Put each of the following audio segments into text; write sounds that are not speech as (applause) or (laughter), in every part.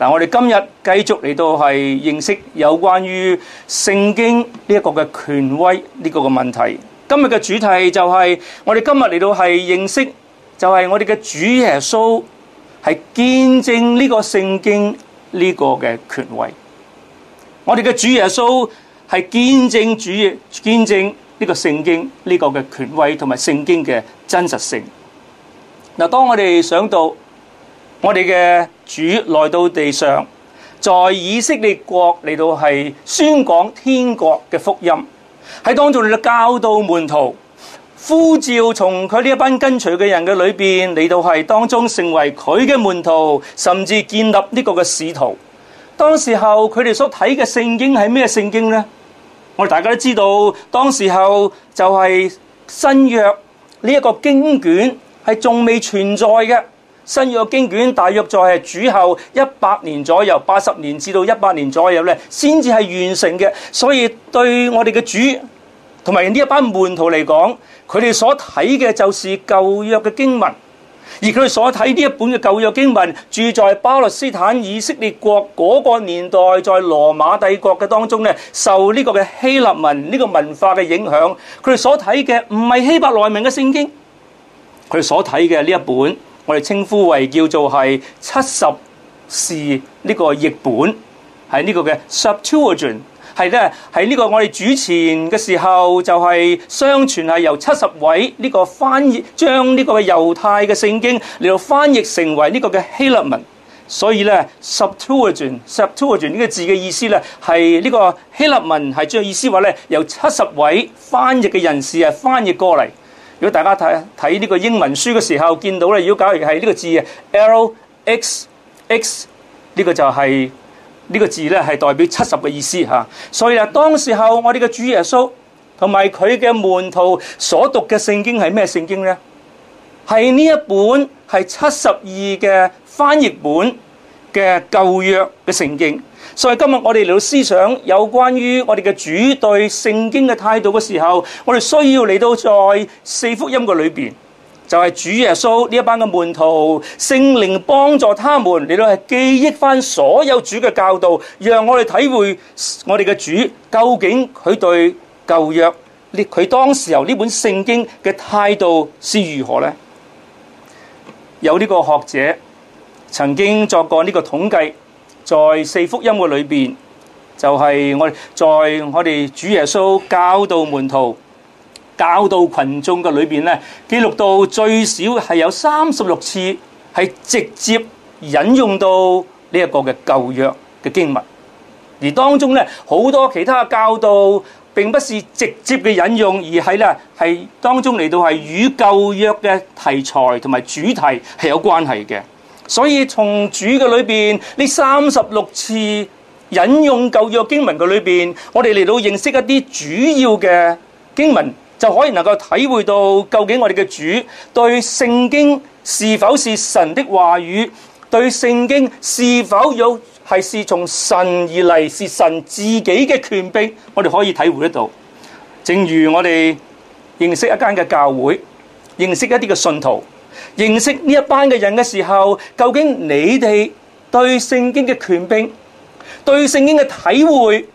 嗱，我哋今日繼續嚟到係認識有關於聖經呢個嘅權威呢個嘅問題。今日嘅主題就係我哋今日嚟到係認識，就係我哋嘅主耶穌係見證呢個聖經呢個嘅權威。我哋嘅主耶穌係見證主，見證呢個聖經呢個嘅權威同埋聖經嘅真實性。嗱，當我哋想到。我哋嘅主來到地上，在以色列國嚟到係宣講天國嘅福音，喺當中嚟到教導門徒，呼召從佢呢一班跟隨嘅人嘅裏邊嚟到係當中成為佢嘅門徒，甚至建立呢個嘅使徒。當時候佢哋所睇嘅聖經係咩聖經呢？我哋大家都知道，當時候就係新約呢一個經卷係仲未存在嘅。新約經卷大約在係主後一百年左右，八十年至到一百年左右咧，先至係完成嘅。所以對我哋嘅主同埋呢一班門徒嚟講，佢哋所睇嘅就係舊約嘅經文，而佢哋所睇呢一本嘅舊約經文，住在巴勒斯坦以色列國嗰個年代，在羅馬帝國嘅當中咧，受呢個嘅希臘文呢個文化嘅影響，佢哋所睇嘅唔係希伯來明嘅聖經，佢哋所睇嘅呢一本。我哋稱呼為叫做係七十士呢個譯本，係呢個嘅 Septuagint，係咧，喺呢個我哋主前嘅時候，就係相傳係由七十位呢個翻譯將呢個嘅猶太嘅聖經嚟到翻譯成為呢個嘅希臘文，所以咧 Septuagint、Septuagint 呢個字嘅意思咧係呢個希臘文係將意思話咧由七十位翻譯嘅人士係翻譯過嚟。如果大家睇睇呢個英文書嘅時候見到咧，如果假如係呢個字 L X X 呢個就係呢個字咧，係代表七十嘅意思嚇。所以啊，當時候我哋嘅主耶穌同埋佢嘅門徒所讀嘅聖經係咩聖經呢？係呢一本係七十二嘅翻譯本。嘅舊約嘅聖經，所以今日我哋嚟到思想有關於我哋嘅主對聖經嘅態度嘅時候，我哋需要嚟到在四福音嘅裏邊，就係、是、主耶穌呢一班嘅門徒，聖靈幫助他們嚟到係記憶翻所有主嘅教導，讓我哋體會我哋嘅主究竟佢對舊約佢當時由呢本聖經嘅態度是如何呢？有呢個學者。曾經作過呢個統計，在四福音嘅裏邊，就係我哋在我哋主耶穌教導門徒、教導羣眾嘅裏邊咧，記錄到最少係有三十六次係直接引用到呢一個嘅舊約嘅經文，而當中咧，好多其他教導並不是直接嘅引用，而係咧係當中嚟到係與舊約嘅題材同埋主題係有關係嘅。所以從的裏，從主嘅裏邊呢三十六次引用舊約經文嘅裏邊，我哋嚟到認識一啲主要嘅經文，就可以能夠體會到究竟我哋嘅主對聖經是否是神的話語，對聖經是否有係是從神而嚟，是神自己嘅權柄，我哋可以體會得到。正如我哋認識一間嘅教會，認識一啲嘅信徒。認識呢一班嘅人嘅時候，究竟你哋對聖經嘅權柄、對聖經嘅體會、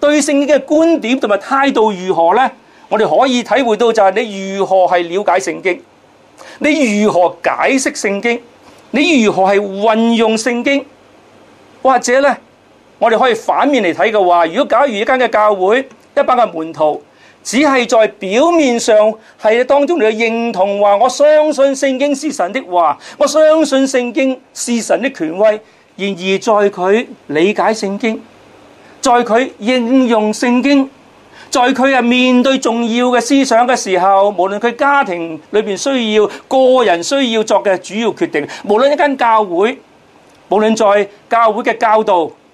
對聖經嘅觀點同埋態度如何呢？我哋可以體會到就係你如何係了解聖經，你如何解釋聖經，你如何係運用聖經，或者呢，我哋可以反面嚟睇嘅話，如果假如一間嘅教會，一班嘅門徒。只係在表面上，係當中佢認同話，我相信聖經是神的話，我相信聖經是神的權威。然而，在佢理解聖經，在佢應用聖經，在佢面對重要嘅思想嘅時候，無論佢家庭裏面需要、個人需要作嘅主要決定，無論一間教會，無論在教會嘅教導，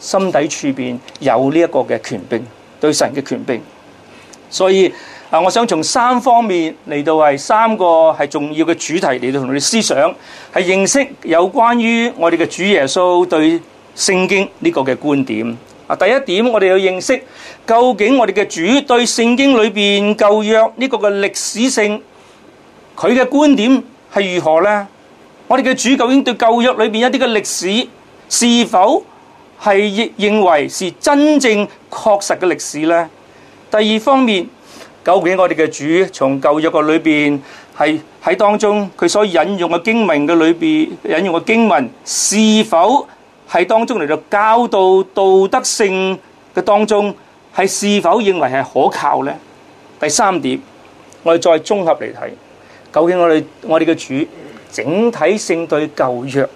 心底處邊有呢一個嘅權柄，對神嘅權柄。所以啊，我想從三方面嚟到係三個係重要嘅主題嚟到同你思想，係認識有關於我哋嘅主耶穌對聖經呢個嘅觀點。啊，第一點我哋要認識究竟我哋嘅主對聖經裏邊舊約呢個嘅歷史性，佢嘅觀點係如何咧？我哋嘅主究竟對舊約裏邊一啲嘅歷史是否？係認認為是真正確實嘅歷史咧。第二方面，究竟我哋嘅主從舊約嘅裏邊係喺當中佢所引用嘅經文嘅裏邊引用嘅經文，是否係當中嚟到教導道，道德性嘅當中係是，是否認為係可靠咧？第三點，我哋再綜合嚟睇，究竟我哋我哋嘅主整體性對舊約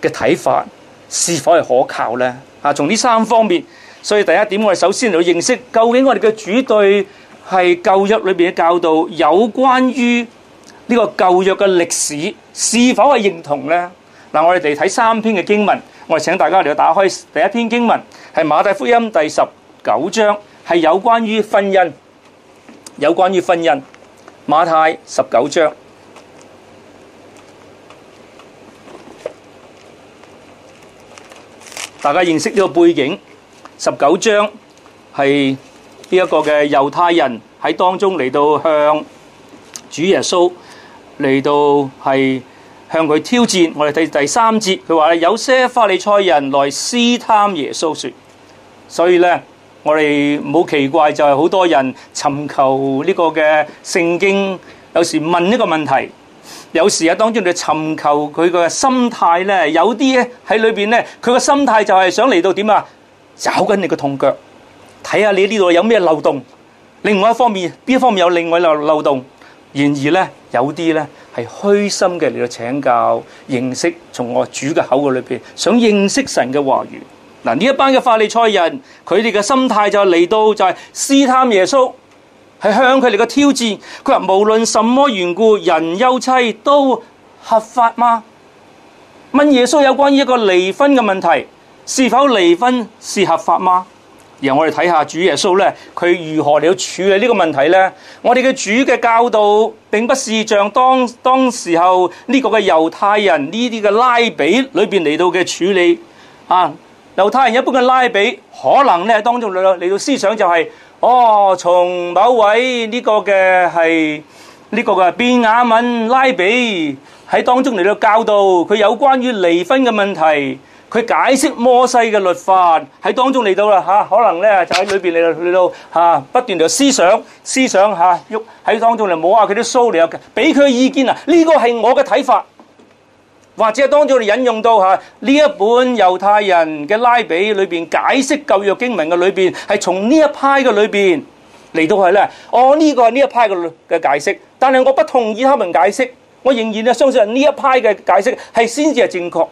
嘅睇法。是否係可靠呢？啊，從呢三方面，所以第一點，我哋首先嚟認識，究竟我哋嘅主對係舊約裏面嘅教導有關於呢個舊約嘅歷史，是否係認同呢？嗱，我哋嚟睇三篇嘅經文，我哋請大家嚟到打開第一篇經文，係馬太福音第十九章，係有關於婚姻，有關於婚姻，馬太十九章。大家認識呢個背景，十九章係呢一個嘅猶太人喺當中嚟到向主耶穌嚟到係向佢挑戰。我哋睇第三節，佢話：有些法利賽人來私探耶穌。説，所以呢，我哋唔好奇怪就係、是、好多人尋求呢個嘅聖經，有時問呢個問題。有時啊，當中你尋求佢嘅心態呢有啲喺裏面，呢佢個心態就係想嚟到點啊，找緊你個痛腳，睇下你呢度有咩漏洞。另外一方面，邊一方面有另外漏洞。然而呢，有啲呢係虛心嘅嚟到請教認識，從我主嘅口嘅裏邊，想認識神嘅話語。嗱，呢一班嘅法利賽人，佢哋嘅心態就嚟到就係試探耶穌。係向佢哋嘅挑戰，佢話無論什麼緣故，人休妻都合法嗎？問耶穌有關於一個離婚嘅問題，是否離婚是合法嗎？然後我哋睇下主耶穌咧，佢如何嚟到處理呢個問題咧？我哋嘅主嘅教導，並不是像當當時候呢個嘅猶太人呢啲嘅拉比裏邊嚟到嘅處理啊。猶太人一般嘅拉比可能咧，當中嚟到思想就係、是。哦，從某位呢個嘅係呢個嘅，便雅憫拉比喺當中嚟到教導佢有關於離婚嘅問題，佢解釋摩西嘅律法喺當中嚟到啦嚇，可能咧就喺裏邊嚟到嚟到嚇不斷噉思想思想，嚇喐喺當中嚟摸下佢啲須嚟，俾佢意見啊！呢個係我嘅睇法。或者當中我哋引用到嚇呢一本猶太人嘅拉比裏邊解釋舊約經文嘅裏邊，係從呢一派嘅裏邊嚟到係咧。我、哦、呢、這個係呢一派嘅嘅解釋，但係我不同意他們解釋，我仍然咧相信呢一派嘅解釋係先至係正確。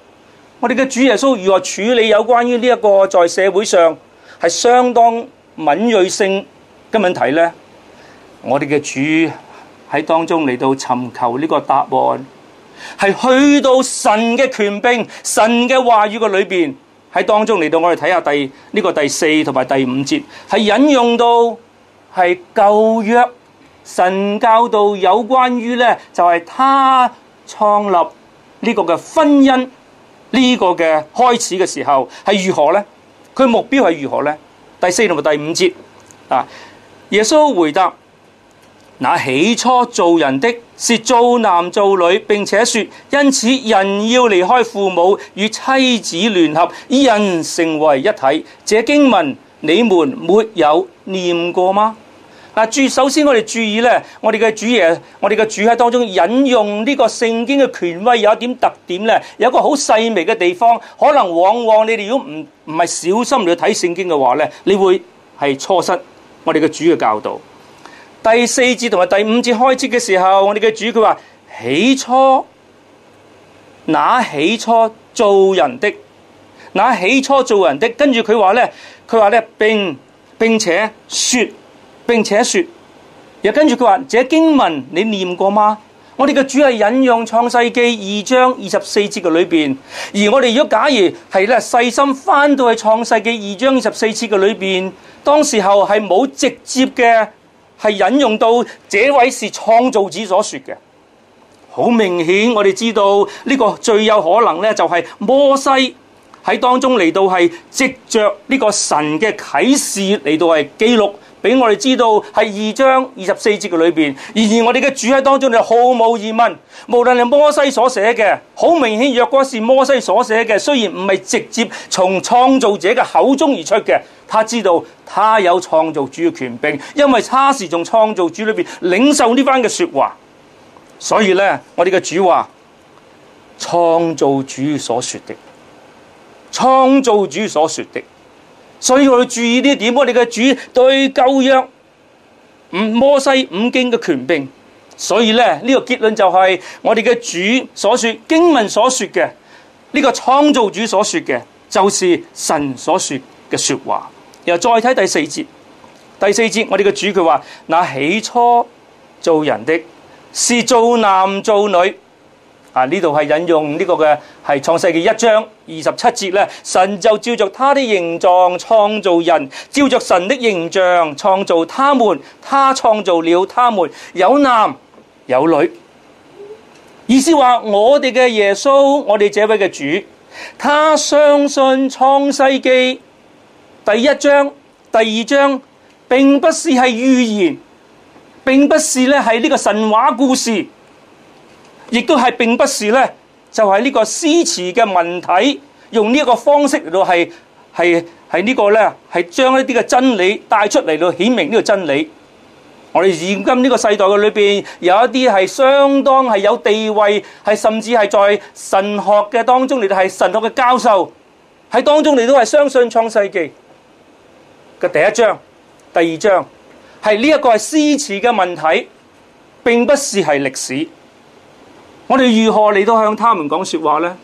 我哋嘅主耶穌如何處理有關於呢一個在社會上係相當敏鋭性嘅問題咧？我哋嘅主喺當中嚟到尋求呢個答案。係去到神嘅權柄，神嘅話語嘅裏面喺當中嚟，到我們看看，我哋睇下第呢個第四同埋第五節，係引用到係舊約神教導有關於呢，就係、是、他創立呢個嘅婚姻呢，這個嘅開始嘅時候係如何呢？佢目標係如何呢？第四同埋第五節啊，耶穌回答。那起初造人的是造男造女，並且說：因此人要離開父母與妻子聯合，以人成為一體。這經文你們沒有念過嗎？嗱，首先我哋注意咧，我哋嘅主耶，我哋嘅主喺當中引用呢個聖經嘅權威，有一點特點咧，有一個好細微嘅地方，可能往往你哋如果唔唔係小心去睇聖經嘅話咧，你會係錯失我哋嘅主嘅教導。第四節同埋第五節開始嘅時候，我哋嘅主佢話起初，那起初造人的，那起初造人的，跟住佢話咧，佢話咧，並並且說，並且說，又跟住佢話，這經文你念過嗎？我哋嘅主係引用創世記二章二十四節嘅裏邊，而我哋如果假如係咧，細心翻到去創世記二章二十四節嘅裏邊，當時候係冇直接嘅。係引用到這位是創造者所說嘅，好明顯我哋知道呢個最有可能呢，就係摩西喺當中嚟到係藉著呢個神嘅啟示嚟到係記錄，俾我哋知道係二章二十四節嘅裏面。然而我哋嘅主喺當中就毫無疑問，無論係摩西所寫嘅，好明顯若果係摩西所寫嘅，雖然唔係直接從創造者嘅口中而出嘅。他知道他有創造主嘅權柄，因為他是從創造主裏邊領受呢番嘅說話，所以咧，我哋嘅主話創造主所說的，創造主所說的，所以我哋要注意這一點，我哋嘅主對舊約摩西五經嘅權柄，所以咧呢個結論就係我哋嘅主所說經文所說嘅呢個創造主所說嘅，就是神所說嘅說話。然後再睇第四節，第四節我哋嘅主佢話：那起初做人的，是做男做女。啊，呢度係引用呢個嘅係創世記一章二十七節咧。神就照着他的形狀創造人，照着神的形象創造他們，他創造了他們，有男有女。意思話我哋嘅耶穌，我哋這位嘅主，他相信創世記。第一章、第二章並不是係寓言，並不是咧係呢個神話故事，亦都係並不是呢就係呢個詩詞嘅文體，用呢一個方式嚟到係係係呢個呢係將一啲嘅真理帶出嚟到顯明呢個真理。我哋現今呢個世代嘅裏面有一啲係相當係有地位，係甚至係在神學嘅當中，你哋係神學嘅教授喺當中，你都係相信創世記。第一章、第二章，係呢一個係詩詞嘅問題，並不是係歷史。我哋如何嚟到向他們講說話咧？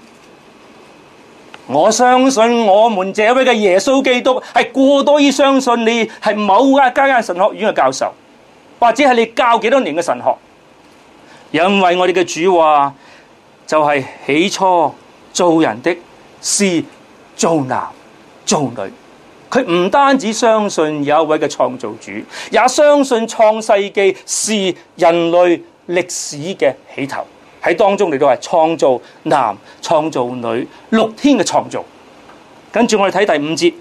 我相信我們這位嘅耶穌基督係過多於相信你係某一家間神學院嘅教授，或者係你教幾多年嘅神學，因為我哋嘅主話就係起初造人的是，是造男造女。佢唔單止相信有一位嘅創造主，也相信創世記是人類歷史嘅起頭，喺當中嚟到係創造男、創造女、六天嘅創造。跟住我哋睇第五節，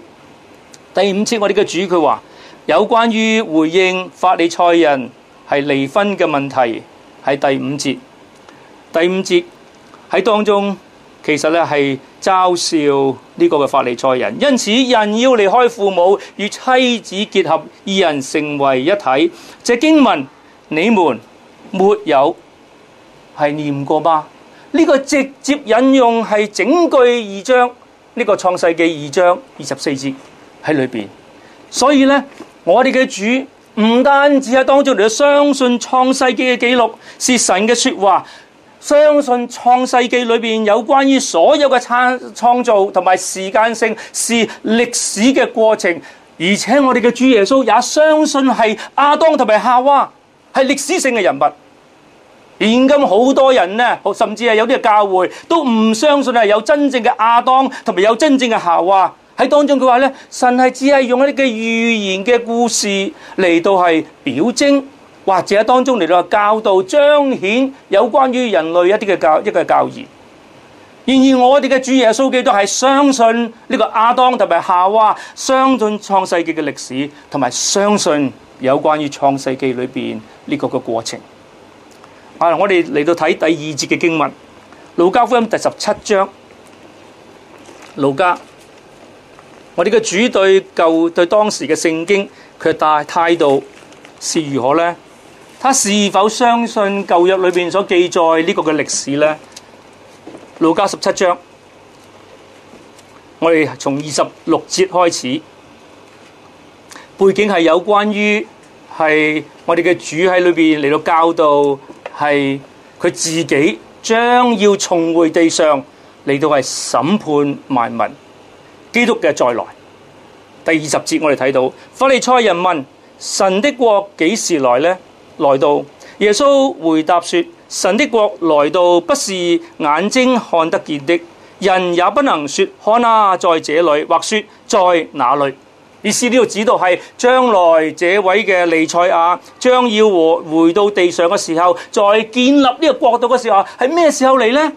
第五節我哋嘅主佢話有關於回應法利賽人係離婚嘅問題，喺第五節。第五節喺當中。其實咧係嘲笑呢個嘅法利賽人，因此人要離開父母與妻子結合，二人成為一體。這經文你們沒有係念過嗎？呢個直接引用係整句二章，呢個創世記二章二十四節喺裏邊。所以咧，我哋嘅主唔單止喺當中嚟到相信創世記嘅記錄，是神嘅説話。相信《創世記》裏邊有關於所有嘅創造同埋時間性，是歷史嘅過程。而且我哋嘅主耶穌也相信係亞當同埋夏娃係歷史性嘅人物。現今好多人咧，甚至係有啲教會都唔相信係有真正嘅亞當同埋有真正嘅夏娃喺當中。佢話神係只係用一啲嘅寓言嘅故事嚟到係表徵。或者當中嚟到教導，彰顯有關於人類一啲嘅教一個教義。然而我哋嘅主耶穌基督係相信呢個亞當同埋夏娃，相信創世紀嘅歷史，同埋相信有關於創世紀裏邊呢個嘅過程。啊，我哋嚟到睇第二節嘅經文《路加福音》第十七章《路加》，我哋嘅主對舊對當時嘅聖經佢嘅態度是如何呢？」他是否相信舊約裏面所記載呢個嘅歷史呢？路加十七章，我哋從二十六節開始，背景係有關於係我哋嘅主喺裏面嚟到教導，係佢自己將要重回地上嚟到係審判萬民，基督嘅再來。第二十節，我哋睇到法利賽人問神的國幾時來呢？來到耶穌回答說：神的國來到，不是眼睛看得見的，人也不能說看啊，在這裏，或說在哪裏。意思呢度指到係將來這位嘅彌賽亞將要回到地上嘅時候，再建立呢個國度嘅時候，係咩時候嚟呢？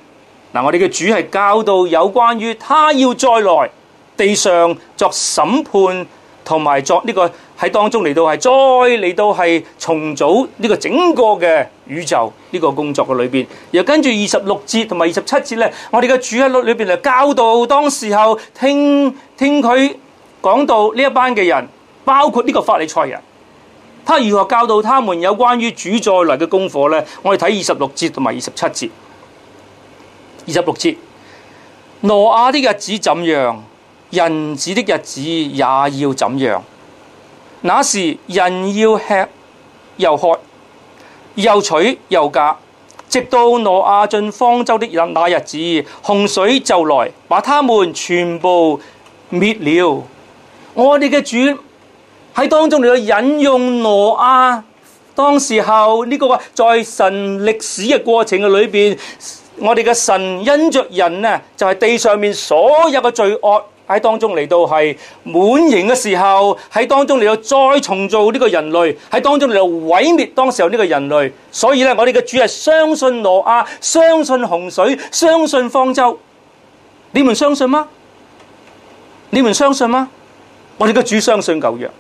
嗱，我哋嘅主係教導有關於他要再來地上作審判同埋作呢、這個。喺當中嚟到係再嚟到係重組呢個整個嘅宇宙呢、這個工作嘅裏邊，然後跟住二十六節同埋二十七節呢，我哋嘅主喺裏裏邊嚟教導當時候聽聽佢講到呢一班嘅人，包括呢個法利賽人，他如何教導他們有關於主再嚟嘅功課呢，我哋睇二十六節同埋二十七節。二十六節，挪亞的日子怎樣，人子的日子也要怎樣。那時人要吃又喝又娶又嫁，直到挪亞進方舟的那日子，洪水就來把他們全部滅了。我哋嘅主喺當中，嚟去引用挪亞當時候呢個喎，在神歷史嘅過程嘅裏邊，我哋嘅神因着人呢，就係地上面所有嘅罪惡。喺當中嚟到係滿盈嘅時候，喺當中嚟到再重造呢個人類；喺當中嚟到毀滅當時候呢個人類。所以呢，我哋嘅主係相信挪亞、相信洪水、相信方舟。你們相信嗎？你們相信嗎？我哋嘅主相信舊約，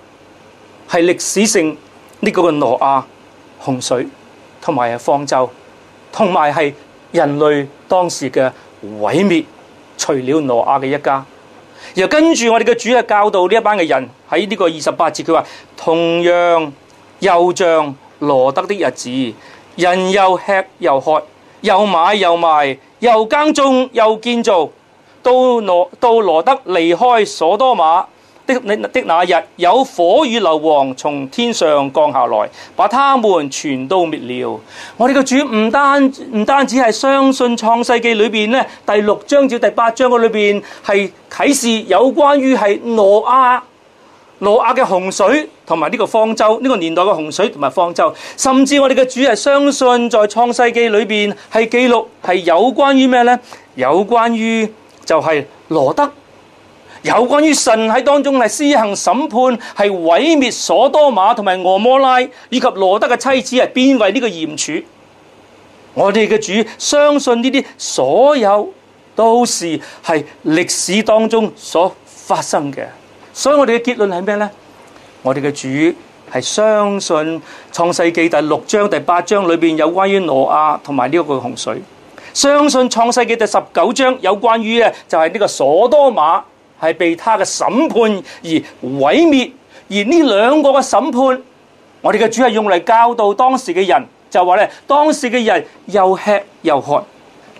係歷史性呢個嘅挪亞洪水同埋係方舟，同埋係人類當時嘅毀滅，除了挪亞嘅一家。又跟住我哋嘅主啊，教導呢一班嘅人喺呢個二十八節，他說，佢話，同樣又像羅得的日子，人又吃又喝，又買又賣，又耕種又建造，到羅到羅得離開所多瑪。的你的那日有火與硫磺從天上降下來，把他們全都滅了。我哋嘅主唔單唔單止係相信創世記裏邊咧第六章至第八章嘅裏邊係啟示有關於係挪亞，挪亞嘅洪水同埋呢個方舟呢個年代嘅洪水同埋方舟，甚至我哋嘅主係相信在創世記裏邊係記錄係有關於咩咧？有關於就係羅得。有關於神喺當中係施行審判，係毀滅所多瑪同埋蛾摩拉，以及羅德嘅妻子係編位呢個鹽柱。我哋嘅主相信呢啲所有都是係歷史當中所發生嘅，所以我哋嘅結論係咩呢？我哋嘅主係相信創世記第六章、第八章裏面有關於挪亞同埋呢一個洪水，相信創世記第十九章有關於啊就係呢個所多瑪。係被他嘅審判而毀滅，而呢兩個嘅審判，我哋嘅主係用嚟教導當時嘅人，就話咧當時嘅人又吃又喝。」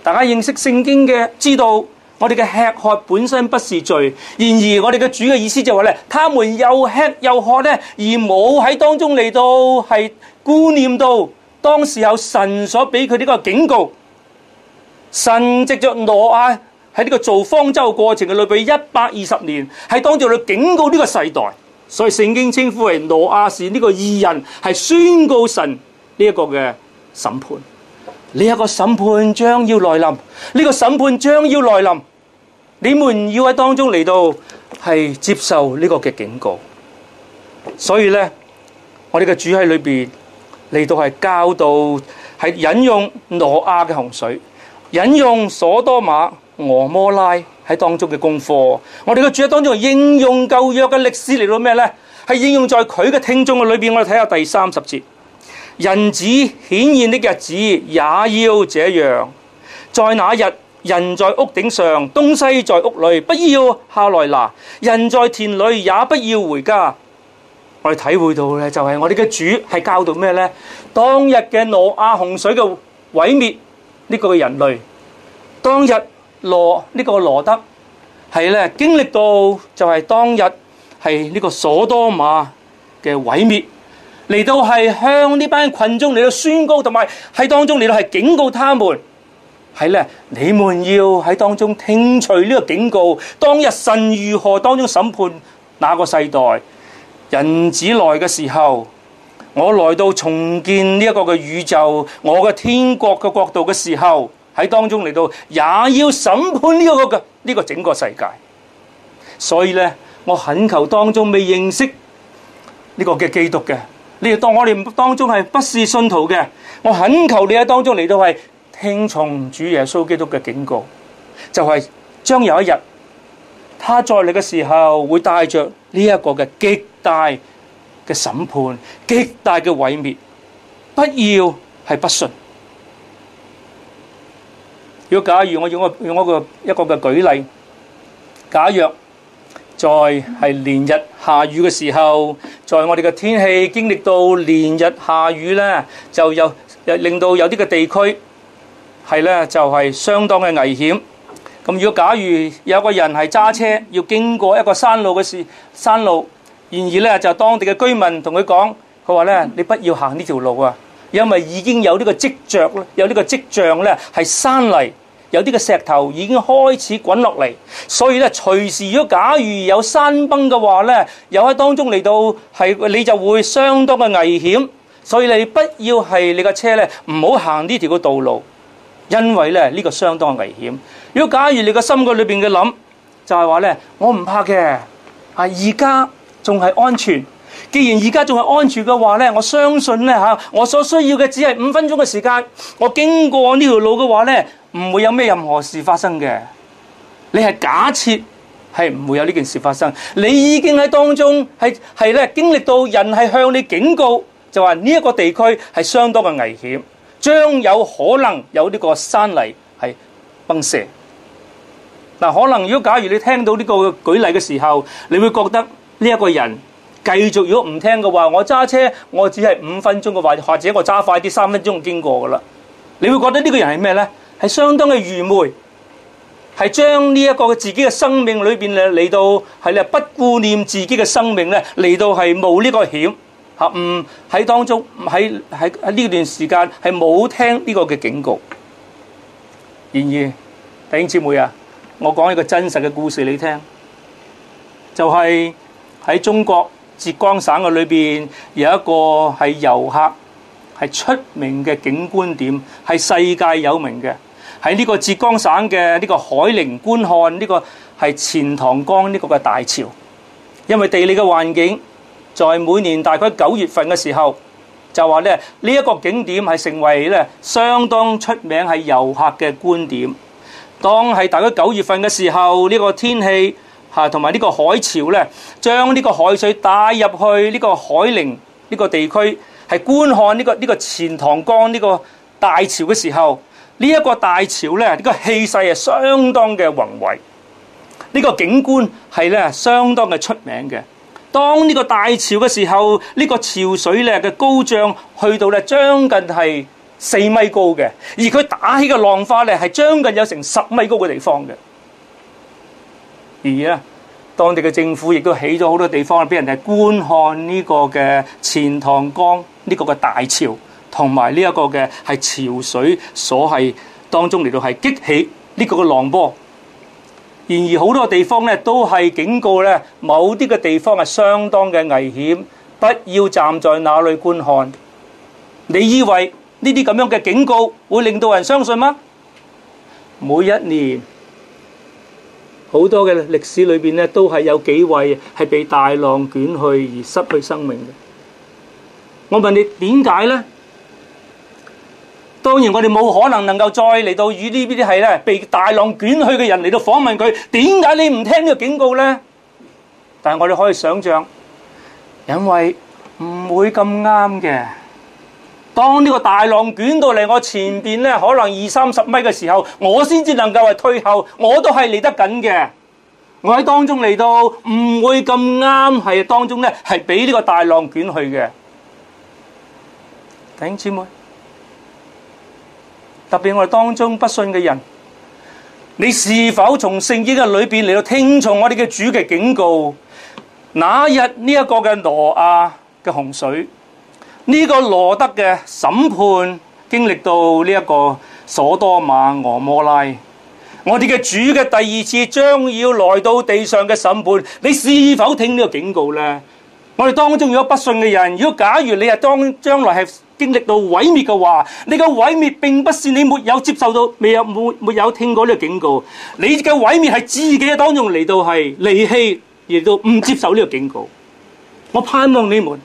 大家認識聖經嘅知道，我哋嘅吃喝本身不是罪，然而我哋嘅主嘅意思就係話咧，他們又吃又喝咧，而冇喺當中嚟到係顧念到當時候神所俾佢呢個警告，神藉着挪亞、啊。喺呢個造方舟過程嘅裏面，一百二十年，喺當中去警告呢個世代，所以聖經稱呼為挪亞士，這個二人是呢個義人，係宣告神呢一個嘅審判。呢、這、一個審判將要來臨，呢、這個審判將要來臨，你們要喺當中嚟到係接受呢個嘅警告。所以呢，我哋嘅主喺裏面嚟到係教導，係引用挪亞嘅洪水，引用所多瑪。俄摩拉喺當中嘅功課，我哋嘅主喺當中應用舊約嘅歷史嚟到咩呢？係應用在佢嘅聽眾嘅裏面。我哋睇下第三十節，人子顯現的日子也要這樣，在那日，人在屋頂上，東西在屋裏，不要下來拿；人在田裏，也不要回家。我哋體會到嘅呢，就係我哋嘅主係教導咩呢？當日嘅挪亞洪水嘅毀滅呢個嘅人類，當日。羅呢個羅得係咧，經歷到就係當日係呢個所多瑪嘅毀滅，嚟到係向呢班群眾嚟到宣告，同埋喺當中嚟到係警告他們，係咧你們要喺當中聽取呢個警告。當日神如何當中審判那個世代？人子來嘅時候，我來到重建呢一個嘅宇宙，我嘅天國嘅國度嘅時候。喺當中嚟到，也要審判呢一個嘅呢個整個世界。所以呢，我懇求當中未認識呢個嘅基督嘅，你哋當我哋當中係不是信徒嘅，我懇求你喺當中嚟到係聽從主耶穌基督嘅警告，就係將有一日，他再嚟嘅時候，會帶着呢一個嘅極大嘅審判、極大嘅毀滅，不要係不信。如果假如我用我用一個一個嘅舉例，假若在係連日下雨嘅時候，在我哋嘅天氣經歷到連日下雨咧，就有令到有啲嘅地區係咧就係相當嘅危險。咁如果假如有個人係揸車要經過一個山路嘅時山路，然而咧就當地嘅居民同佢講，佢話咧，你不要行呢條路啊，因為已經有呢個跡象咧，有呢個跡象咧係山泥。有啲嘅石頭已經開始滾落嚟，所以咧，隨時如果假如有山崩嘅話咧，又喺當中嚟到係你就會相當嘅危險，所以你不要係你嘅車咧，唔好行呢條嘅道路，因為咧呢個相當危險。如果假如你個心覺裏邊嘅諗就係話咧，我唔怕嘅，啊而家仲係安全，既然而家仲係安全嘅話咧，我相信咧吓，我所需要嘅只係五分鐘嘅時間，我經過呢條路嘅話咧。唔會有咩任何事發生嘅。你係假設係唔會有呢件事發生，你已經喺當中係係咧經歷到人係向你警告，就話呢一個地區係相當嘅危險，將有可能有呢個山泥係崩瀉嗱。可能如果假如你聽到呢個舉例嘅時候，你會覺得呢一個人繼續如果唔聽嘅話，我揸車我只係五分鐘嘅話，或者我揸快啲三分鐘經過㗎喇，你會覺得呢個人係咩呢？係相當嘅愚昧，係將呢一個佢自己嘅生命裏邊咧嚟，到係咧不顧念自己嘅生命咧嚟到係冒呢個險吓，唔喺當中喺喺喺呢段時間係冇聽呢個嘅警告。然而，弟兄姊妹啊，我講一個真實嘅故事畀你聽，就係喺中國浙江省嘅裏邊有一個係遊客係出名嘅景觀點，係世界有名嘅。喺呢個浙江省嘅呢個海寧觀看呢個係錢塘江呢個嘅大潮，因為地理嘅環境，在每年大概九月份嘅時候，就話咧呢一個景點係成為咧相當出名係遊客嘅觀點。當係大概九月份嘅時候，呢個天氣嚇同埋呢個海潮咧，將呢個海水帶入去呢個海寧呢個地區，係觀看呢個呢個錢塘江呢個大潮嘅時候。呢一個大潮咧，呢個氣勢係相當嘅宏偉，呢個景觀係咧相當嘅出名嘅。當呢個大潮嘅時候，呢個潮水咧嘅高漲去到咧將近係四米高嘅，而佢打起嘅浪花咧係將近有成十米高嘅地方嘅。而咧當地嘅政府亦都起咗好多地方俾人哋觀看呢個嘅錢塘江呢個嘅大潮。同埋呢一個嘅係潮水所係當中嚟到係激起呢個嘅浪波。然而好多地方咧都係警告咧，某啲嘅地方係相當嘅危險，不要站在那裡觀看。你以為呢啲咁樣嘅警告會令到人相信嗎？每一年好多嘅歷史裏邊咧，都係有幾位係被大浪捲去而失去生命嘅。我問你點解咧？當然，我哋冇可能能夠再嚟到與呢啲係咧被大浪捲去嘅人嚟到訪問佢，點解你唔聽呢個警告咧？但係我哋可以想象，因為唔會咁啱嘅。當呢個大浪捲到嚟我前面咧，可能二三十米嘅時候，我先至能夠係退後，我都係嚟得緊嘅。我喺當中嚟到唔會咁啱，係當中咧係俾呢個大浪捲去嘅。弟兄姐妹。特別我哋當中不信嘅人，你是否從聖經嘅裏邊嚟到聽從我哋嘅主嘅警告？那一日呢一個嘅挪亞嘅洪水，呢、呢個羅德嘅審判，經歷到呢一個所多瑪、俄摩拉，我哋嘅主嘅第二次將要來到地上嘅審判，你是否聽呢個警告呢？我哋當中有不信嘅人，如果假如你係當將來係經歷到毀滅嘅話，你嘅毀滅並不是你沒有接受到，未有冇沒，沒有聽過呢個警告，你嘅毀滅係自己嘅當中嚟到係離棄，而來到唔接受呢個警告。我盼望你們，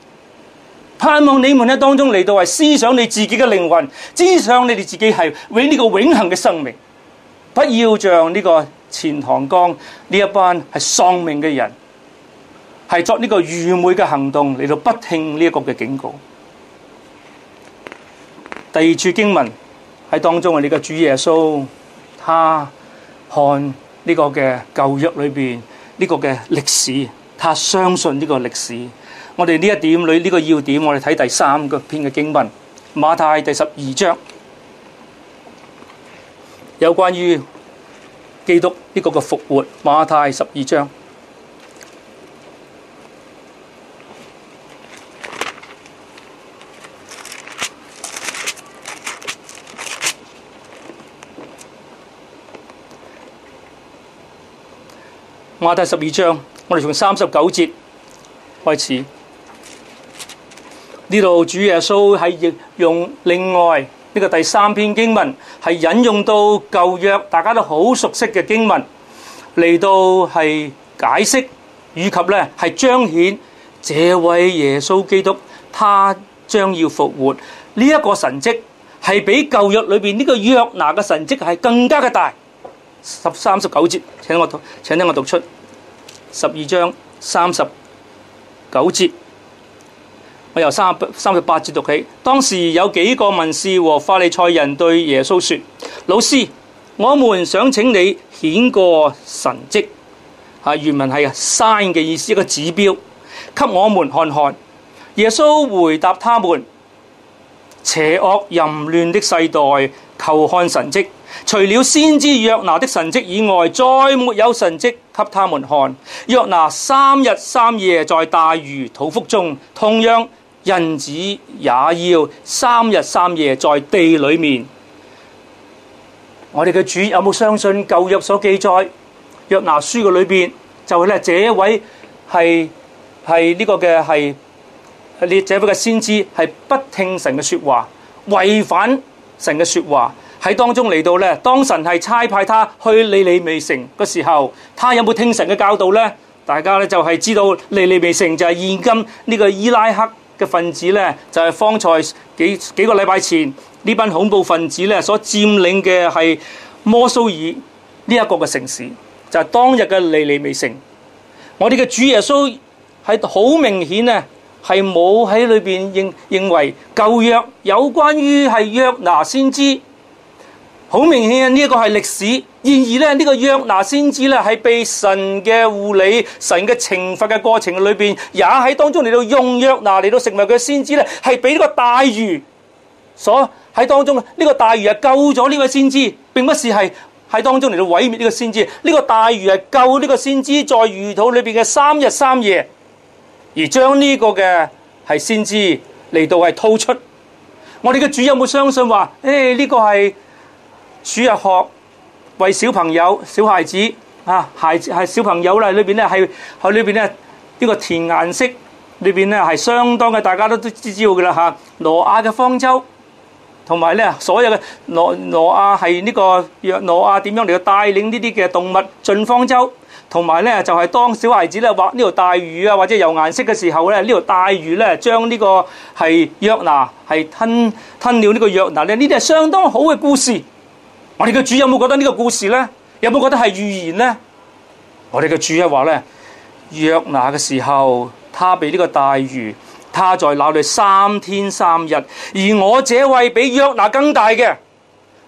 盼望你們喺當中嚟到係思想你自己嘅靈魂，思想你哋自己係永呢個永恒嘅生命，不要像呢個錢塘江呢一班係喪命嘅人。係作呢個愚昧嘅行動嚟到不聽呢一個嘅警告。第二處經文喺當中啊，我哋嘅主耶穌，他看呢個嘅舊約裏邊呢、這個嘅歷史，他相信呢個歷史。我哋呢一點裏呢、這個要點，我哋睇第三個篇嘅經文，馬太第十二章有關於基督呢個嘅復活，馬太十二章。我第十二章，我哋從三十九節開始。呢度主耶穌係用另外呢個第三篇經文，係引用到舊約，大家都好熟悉嘅經文嚟到係解釋以及呢係彰顯這位耶穌基督，他將要復活呢一個神跡，係比舊約裏邊呢個約拿嘅神跡係更加嘅大。十三十九節，請我讀，請聽我讀出十二章三十九節。我由三三十八節讀起。當時有幾個文士和法利賽人對耶穌說：老師，我們想請你顯個神蹟。啊，原文係 sign 嘅意思，一個指標，給我們看看。耶穌回答他們：邪惡淫亂的世代。求看神蹟，除了先知約拿的神蹟以外，再沒有神蹟給他們看。約拿三日三夜在大魚肚腹中，同樣人子也要三日三夜在地裏面。我哋嘅主有冇相信舊約所記載？約拿書嘅裏邊就係、是、呢，這位係係呢個嘅係列這位嘅先知係不聽神嘅說話，違反。神嘅說話喺當中嚟到咧，當神係差派他去尼尼微城嘅時候，他有冇聽神嘅教導咧？大家咧就係知道尼尼微城就係現今呢個伊拉克嘅分子咧，就係方才幾幾個禮拜前呢班恐怖分子咧所佔領嘅係摩蘇爾呢一個嘅城市，就係、是、當日嘅尼尼微城。我哋嘅主耶穌係好明顯咧！係冇喺裏邊認認為舊約有關於係約拿先知，好明顯啊！呢、這、一個係歷史，然而咧呢個約拿先知咧係被神嘅護理、神嘅懲罰嘅過程裏面，也喺當中嚟到用約拿嚟到成為佢嘅先知咧，係俾呢個大魚所喺當中。呢、這個大魚啊救咗呢位先知，並不是係喺當中嚟到毀滅呢個先知。呢、這個大魚係救呢個先知在魚肚裏面嘅三日三夜。而將呢個嘅係先知嚟到係吐出，我哋嘅主有冇相信話？誒、哎、呢、這個係主日學為小朋友、小孩子啊，孩子係小朋友啦，裏邊咧係喺裏邊咧呢個填顏色裏邊呢係相當嘅，大家都知知道嘅啦嚇。挪亞嘅方舟同埋呢所有嘅挪挪亞係呢個若挪亞點樣嚟到帶領呢啲嘅動物進方舟？同埋咧，就係當小孩子咧畫呢條大魚啊，或者有顏色嘅時候咧，呢條大魚咧將呢個係約拿係吞吞了呢個約拿咧，呢啲係相當好嘅故事。我哋嘅主有冇覺得呢個故事咧？有冇覺得係預言咧？我哋嘅主一話咧，約拿嘅時候，他被呢個大魚，他在那裡三天三日，而我這位比約拿更大嘅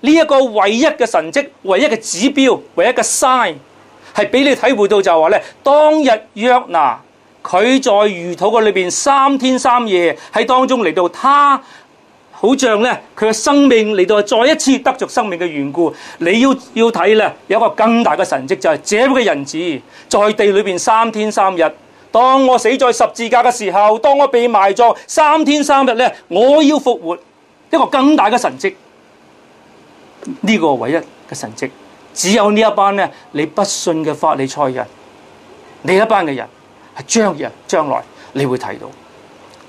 呢一個唯一嘅神跡、唯一嘅指標、唯一嘅 sign。係俾你體會到就話咧，當日約拿佢在魚肚嘅裏邊三天三夜喺當中嚟到，他好像咧佢嘅生命嚟到再一次得着生命嘅緣故。你要要睇咧，有一個更大嘅神跡就係、是，這嘅人子在地裏邊三天三日。當我死在十字架嘅時候，當我被埋葬三天三日咧，我要復活，一個更大嘅神跡。呢、這個唯一嘅神跡。只有呢一班咧，你不信嘅法利賽人，呢一班嘅人係將人將來，你會睇到，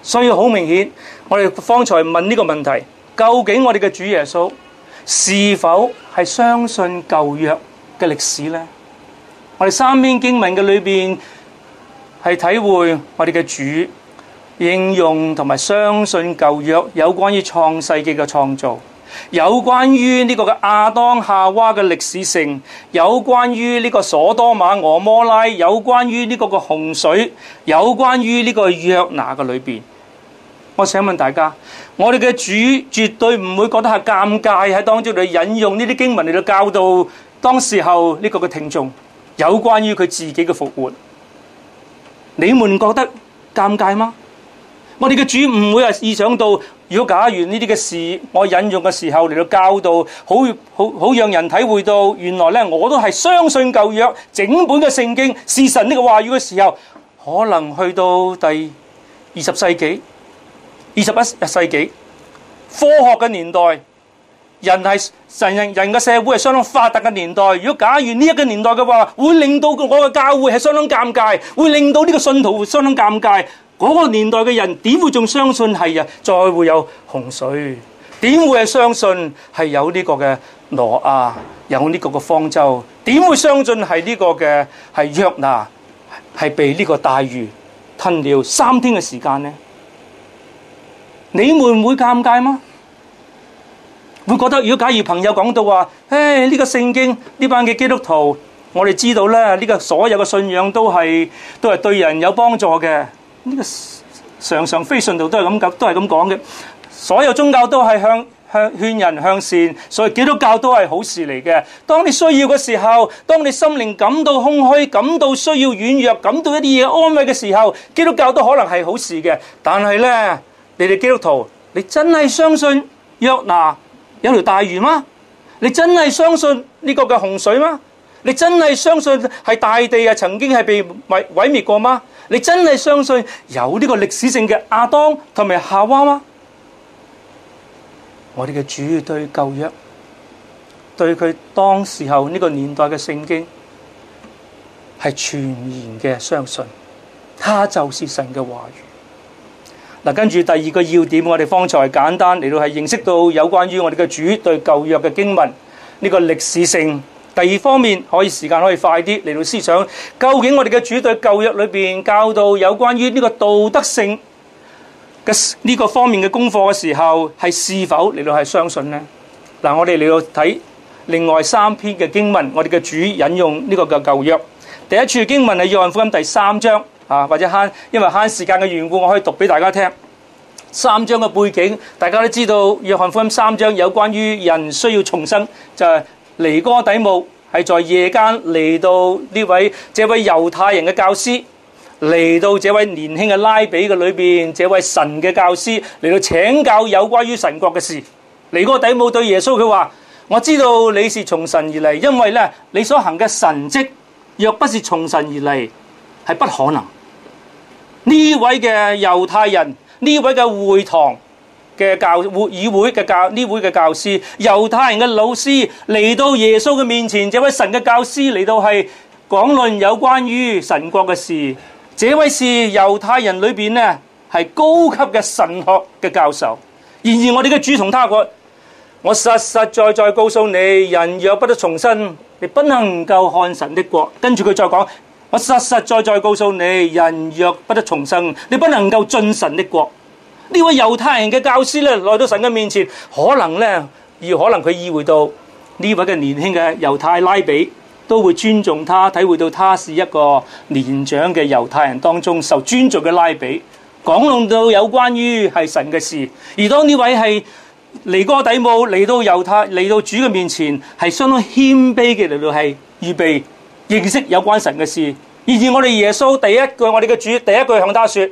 所以好明顯，我哋方才問呢個問題，究竟我哋嘅主耶穌是否係相信舊約嘅歷史咧？我哋三篇經文嘅裏邊係體會我哋嘅主應用同埋相信舊約有關於創世記嘅創造。有關於呢個嘅亞當夏娃嘅歷史性，有關於呢個所多瑪俄摩拉，有關於呢個洪水，有關於呢個約拿嘅裏面。我想問大家，我哋嘅主絕對唔會覺得係尷尬喺當中嚟，引用呢啲經文嚟到教導當時候呢個嘅聽眾，有關於佢自己嘅復活，你們覺得尷尬嗎？我哋嘅主唔會係意想到。如果假如呢啲嘅事，我引用嘅時候嚟到教導，好好好讓人體會到原來咧我都係相信舊約整本嘅聖經是神呢個話語嘅時候，可能去到第二十世紀、二十一世紀科學嘅年代，人係神人人嘅社會係相當發達嘅年代。如果假如呢一個年代嘅話會令到我嘅教會係相當尷尬，會令到呢個信徒會相當尷尬。嗰個年代嘅人點會仲相信係啊，再會有洪水？點會係相信係有呢個嘅挪亞有呢個嘅方舟？點會相信係呢個嘅係約拿係被呢個大魚吞了三天嘅時間呢？你哋會唔會尷尬嗎？會覺得如果假如朋友講到話，唉呢個聖經呢班嘅基督徒，我哋知道咧，呢個所有嘅信仰都係都係對人有幫助嘅。呢個常常非信徒都係咁講，都係咁講嘅。所有宗教都係向向勸人向善，所以基督教都係好事嚟嘅。當你需要嘅時候，當你心靈感到空虛、感到需要軟弱、感到一啲嘢安慰嘅時候，基督教都可能係好事嘅。但係咧，你哋基督徒，你真係相信約拿有條大魚嗎？你真係相信呢個嘅洪水嗎？你真係相信係大地啊曾經係被毀毀滅過嗎？你真係相信有呢個歷史性嘅亞當同埋夏娃嗎？我哋嘅主對舊約，對佢當時候呢個年代嘅聖經係全然嘅相信，他就是神嘅話語。嗱，跟住第二個要點，我哋方才簡單嚟到係認識到有關於我哋嘅主對舊約嘅經文呢個歷史性。第二方面，可以時間可以快啲嚟到思想，究竟我哋嘅主對舊約裏邊教導有關於呢個道德性嘅呢個方面嘅功課嘅時候，係是否嚟到係相信呢？嗱，我哋嚟到睇另外三篇嘅經文，我哋嘅主引用呢個嘅舊約第一處經文係約翰福音第三章啊，或者慳，因為慳時間嘅緣故，我可以讀俾大家聽三章嘅背景，大家都知道約翰福音三章有關於人需要重生就係。尼哥底母係在夜間嚟到呢位這位猶太人嘅教師嚟到這位年輕嘅拉比嘅裏面，這位神嘅教師嚟到請教有關於神國嘅事。尼哥底母對耶穌佢話：我知道你是從神而嚟，因為咧你所行嘅神蹟，若不是從神而嚟，係不可能。呢位嘅猶太人，呢位嘅會堂嘅教會議會嘅教呢會嘅教師，猶太人嘅老師嚟到耶穌嘅面前，這位神嘅教師嚟到係講論有關於神國嘅事。這位是猶太人裏邊呢係高級嘅神學嘅教授。然而我哋嘅主同他國，我實實在在告訴你，人若不得重生，你不能夠看神的國。跟住佢再講，我實實在在告訴你，人若不得重生，你不能夠進神的國。呢位猶太人嘅教師咧來到神嘅面前，可能咧而可能佢意會到呢位嘅年輕嘅猶太拉比都會尊重他，體會到他是一個年長嘅猶太人當中受尊重嘅拉比，講論到有關於係神嘅事。而當呢位係尼哥底母嚟到猶太嚟到主嘅面前，係相當謙卑嘅嚟到係預備認識有關神嘅事。而而我哋耶穌，第一句我哋嘅主第一句向他説。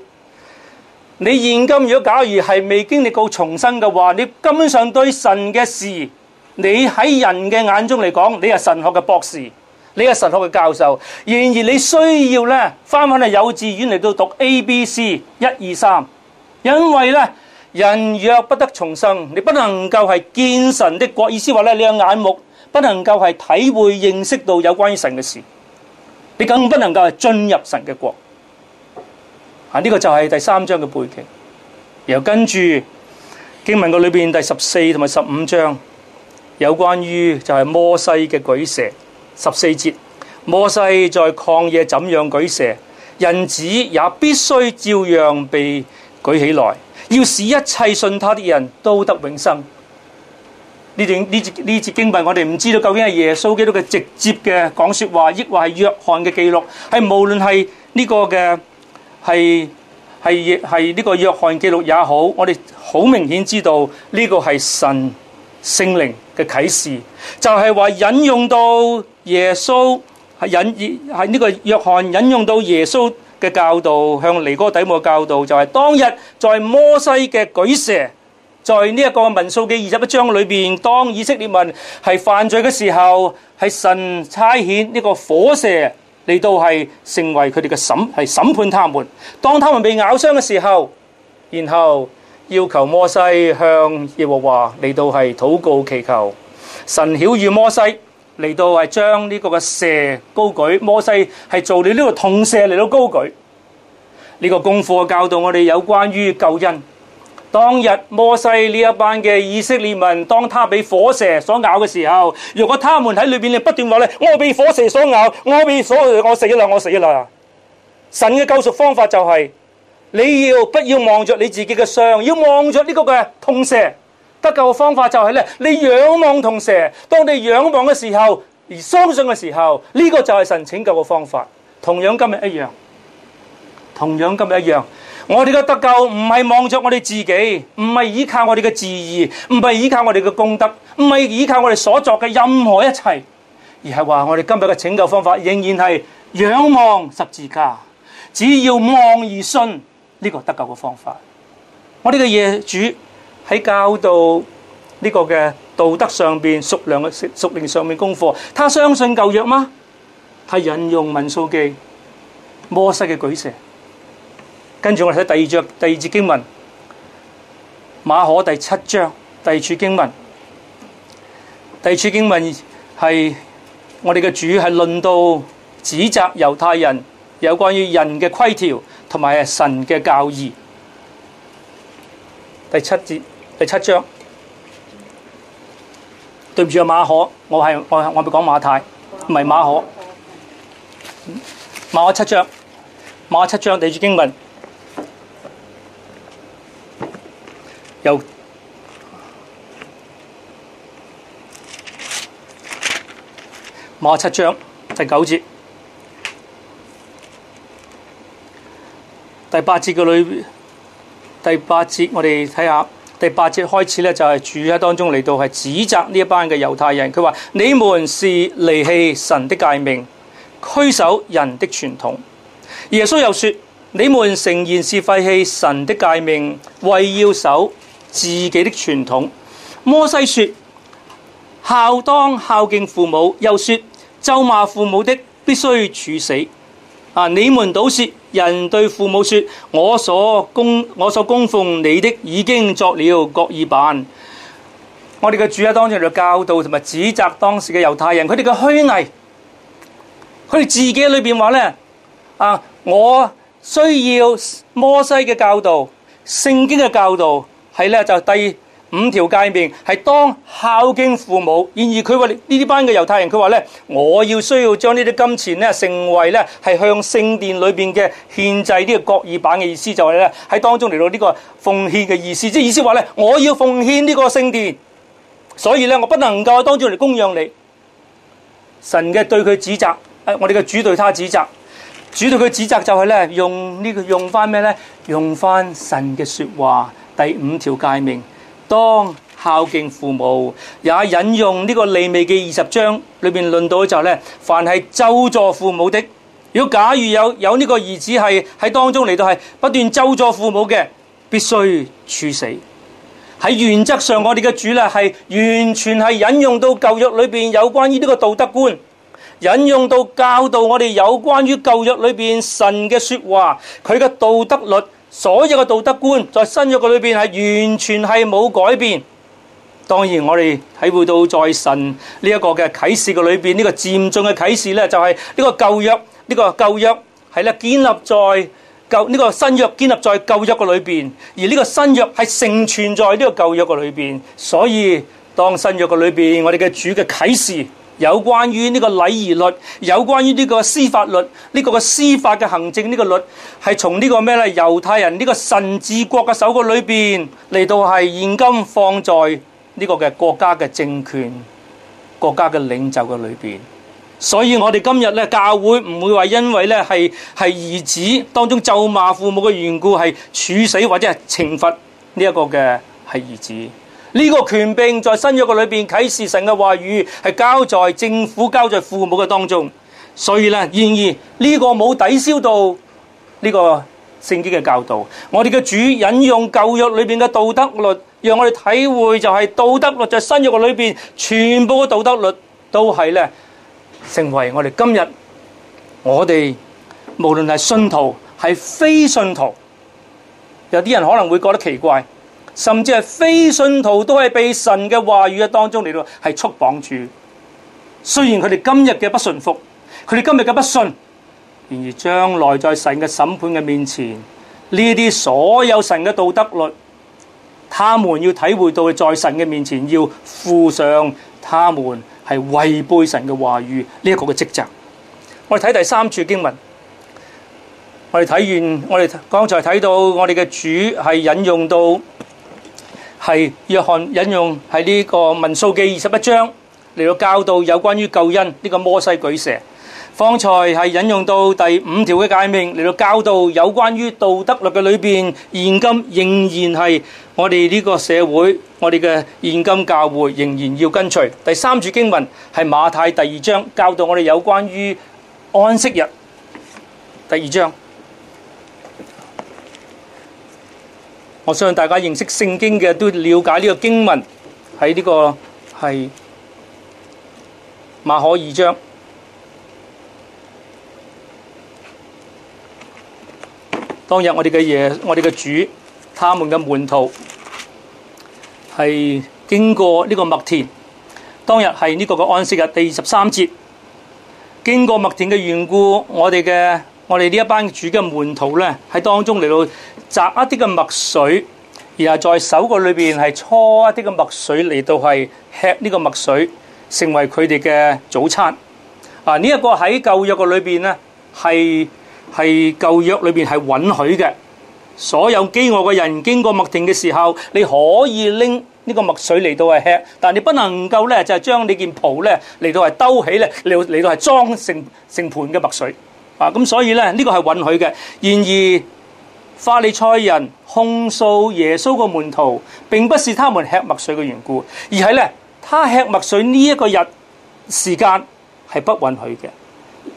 你現今如果假如係未經歷過重生嘅話，你根本上對神嘅事，你喺人嘅眼中嚟講，你係神學嘅博士，你係神學嘅教授。然而你需要呢，翻返去幼稚園嚟到讀 A、B、C、一、二、三，因為呢，人若不得重生，你不能夠係見神的國。意思話呢，你嘅眼目不能夠係體會認識到有關於神嘅事，你更不能夠係進入神嘅國。啊！呢個就係第三章嘅背景，然後跟住經文個裏邊第十四同埋十五章有關於就係摩西嘅舉蛇。十四節，摩西在曠野怎樣舉蛇，人子也必須照樣被舉起來，要使一切信他的人都得永生。呢段呢節呢節經文我哋唔知道究竟係耶穌基督嘅直接嘅講說話，抑或係約翰嘅記錄，係無論係呢個嘅。係呢個約翰記錄也好，我哋好明顯知道呢個係神聖靈嘅啟示，就係、是、話引用到耶穌係引係呢個約翰引用到耶穌嘅教導，向尼哥底母教導，就係、是、當日在摩西嘅舉蛇，在呢一個民數記二十一章裏面，當以色列民係犯罪嘅時候，係神差遣呢個火蛇。嚟到係成為佢哋嘅審，係審判他們。當他們被咬傷嘅時候，然後要求摩西向耶和華嚟到係禱告祈求。神曉諭摩西嚟到係將呢個嘅蛇高舉，摩西係做了呢個銅蛇嚟到高舉。呢、這個功課教導我哋有關於救恩。當日摩西呢一班嘅以色列民，當他俾火蛇所咬嘅時候，如果他們喺裏面不斷話，我俾火蛇所咬，我俾所我死啦，我死啦！神嘅救贖方法就係你要不要望着你自己嘅傷，要望着呢個嘅銅蛇。得救嘅方法就係你仰望銅蛇，當你仰望嘅時候，而相信嘅時候，呢個就係神拯救嘅方法。同樣今日一樣，同樣今日一樣。我哋嘅得救唔係望着我哋自己，唔係依靠我哋嘅自義，唔係依靠我哋嘅功德，唔係依靠我哋所作嘅任何一切，而係話我哋今日嘅拯救方法仍然係仰望十字架，只要望而信呢、這個得救嘅方法。我哋嘅耶主喺教導呢個嘅道德上面熟良嘅屬靈上面功課，他相信舊約嗎？他引用民數記摩西嘅舉蛇。跟住我哋睇第二章第二節經文，馬可第七章第二處經文，第二處經文係我哋嘅主係論到指責猶太人有關於人嘅規條同埋神嘅教義。第七節第七章，對唔住啊，馬可，我係我我咪講馬太，唔係馬可，馬可七章，馬可七章第二處經文。又馬七章第九節，第八節嘅里第八節，我哋睇下第八節開始咧，就係主喺當中嚟到係指責呢一班嘅猶太人。佢話，你們是離棄神的誡命，拘守人的傳統。耶穌又說，你們誠然是廢棄神的誡命，為要守。自己的傳統。摩西說，孝當孝敬父母，又說咒罵父母的必須處死。啊！你們倒説人對父母説，我所供我所供奉你的已經作了各耳板。我哋嘅主啊，當中就教導同埋指責當時嘅猶太人，佢哋嘅虛偽。佢哋自己裏邊話呢，啊，我需要摩西嘅教導、聖經嘅教導。係咧，就第五條誡命，係當孝敬父母。然而佢話呢啲班嘅猶太人，佢話咧，我要需要將呢啲金錢咧，成為咧係向聖殿裏邊嘅、這個、獻祭呢個各耳板嘅意思，就係咧喺當中嚟到呢個奉獻嘅意思，即係意思話咧，我要奉獻呢個聖殿，所以咧我不能夠當住嚟供養你。神嘅對佢指責，誒、呃，我哋嘅主對他指責，主對佢指責就係咧用呢個用翻咩咧，用翻、這個、神嘅說話。第五條誡命：「當孝敬父母，也引用呢、這個利未記二十章裏面論到嘅時候，呢凡係咒詛父母的，如果假如有有呢個兒子係喺當中嚟到係不斷咒詛父母嘅，必須處死。」喺原則上，我哋嘅主啦係完全係引用到舊約裏面有關於呢個道德觀，引用到教導我哋有關於舊約裏邊神嘅說話，佢嘅道德律。所有嘅道德觀在新約嘅裏邊係完全係冇改變。當然我哋體會到在神呢一個嘅啟示嘅裏邊呢、呢個漸進嘅啟示咧，就係呢個舊約呢、呢個舊約係建、這個、建立在舊呢個新約建立在舊約嘅裏邊，而呢個新約係成全在呢個舊約嘅裏邊。所以當新約嘅裏邊我哋嘅主嘅啟示。有關於呢個禮儀律，有關於呢個司法律，呢、呢個司法嘅行政呢個律，係從呢個咩呢？猶太人呢個神治國嘅手個裏邊嚟到係現今放在呢個嘅國家嘅政權、國家嘅領袖嘅裏邊。所以我哋今日呢，教會唔會話因為呢係係兒子當中咒罵父母嘅緣故係處死或者係懲罰呢一個嘅係兒子。呢個權柄在新約嘅裏面，啟示神嘅話語係交在政府、交在父母嘅當中，所以呢，然而呢、這個冇抵消到呢個聖經嘅教導。我哋嘅主引用舊約裏面嘅道德律，讓我哋體會就係道德律在、就是、新約嘅裏面，全部嘅道德律都係呢，成為我哋今日，我哋無論係信徒係非信徒，有啲人可能會覺得奇怪。甚至係非信徒都係被神嘅話語嘅當中嚟到係束綁住。雖然佢哋今日嘅不信服，佢哋今日嘅不信，然而將來在神嘅審判嘅面前，呢啲所有神嘅道德律，他們要體會到喺在神嘅面前要負上他們係違背神嘅話語呢一個嘅職責。我哋睇第三處經文，我哋睇完，我哋剛才睇到我哋嘅主係引用到。係約翰引用喺呢個民數記二十一章嚟到教導有關於救恩呢、這個摩西舉蛇，方才係引用到第五條嘅誡命嚟到教導有關於道德律嘅裏面。現今仍然係我哋呢個社會，我哋嘅現今教會仍然要跟隨。第三處經文係馬太第二章教導我哋有關於安息日。第二章。我相信大家認識聖經嘅都了解呢個經文喺呢、這個係馬可二章，當日我哋嘅耶我哋嘅主，他們嘅門徒係經過呢個麥田。當日係呢個嘅安息日，第二十三節，經過麥田嘅緣故，我哋嘅。我哋呢一班主嘅門徒咧，喺當中嚟到摘一啲嘅麥穗，然後在手個裏邊係搓一啲嘅麥穗嚟到係吃呢個麥穗，成為佢哋嘅早餐。啊，這個、呢一個喺舊約嘅裏邊咧，係係舊約裏邊係允許嘅。所有飢餓嘅人經過麥田嘅時候，你可以拎呢個麥穗嚟到係吃，但你不能夠咧就係、是、將呢件袍咧嚟到係兜起咧嚟到嚟到係裝成成盤嘅麥穗。啊，咁所以咧，呢個係允許嘅。然而，法利賽人控訴耶穌個門徒，並不是他們吃麥穗嘅緣故，而係咧，他吃麥穗呢一個日時間係不允許嘅，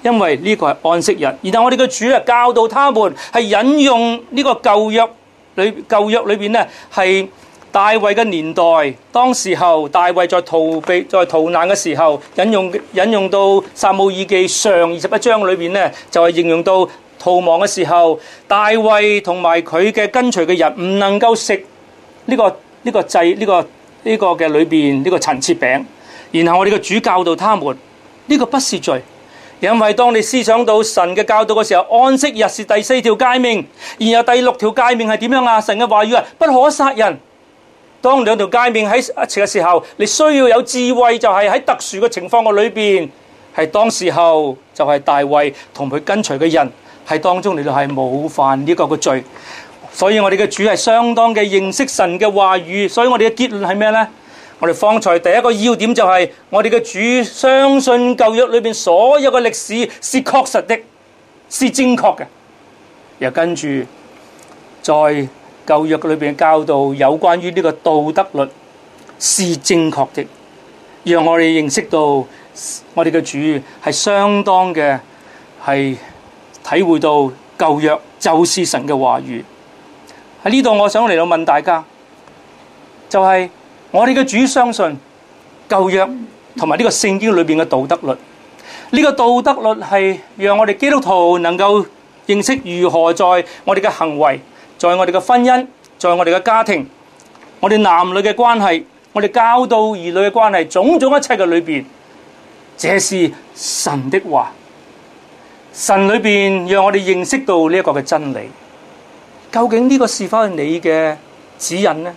因為呢個係安息日。然後我哋嘅主咧，教導他們係引用呢個舊約裏舊約裏邊咧係。大衛嘅年代，當時候大衛在逃避在逃難嘅時候，引用引用到撒母耳記上二十一章裏邊咧，就係、是、形容到逃亡嘅時候，大衛同埋佢嘅跟隨嘅人唔能夠食呢、這個呢、這個祭呢、這個呢、這個嘅裏邊呢個陳設餅。然後我哋嘅主教導他們呢、這個不是罪，因為當你思想到神嘅教導嘅時候，安息日是第四條誡命，然後第六條誡命係點樣啊？神嘅話語啊，不可殺人。當兩條誡命喺一齊嘅時候，你需要有智慧，就係喺特殊嘅情況嘅裏面係當時候就係大衛同佢跟隨嘅人喺當中，你就係冇犯呢個嘅罪。所以我哋嘅主係相當嘅認識神嘅話語。所以我哋嘅結論係咩呢？我哋方才第一個要點就係、是、我哋嘅主相信舊約裏面所有嘅歷史是確實的，是正確嘅。又跟住再。舊約裏邊嘅教導有關於呢個道德律是正確嘅，讓我哋認識到我哋嘅主係相當嘅係體會到舊約就是神嘅話語。喺呢度，我想嚟到問大家，就係我哋嘅主相信舊約同埋呢個聖經裏邊嘅道德律，呢個道德律係讓我哋基督徒能夠認識如何在我哋嘅行為。在我哋嘅婚姻，在我哋嘅家庭，我哋男女嘅關係，我哋教導兒女嘅關係，種種一切嘅裏邊，這是神的話。神裏邊讓我哋認識到呢一個嘅真理。究竟呢個是否係你嘅指引呢？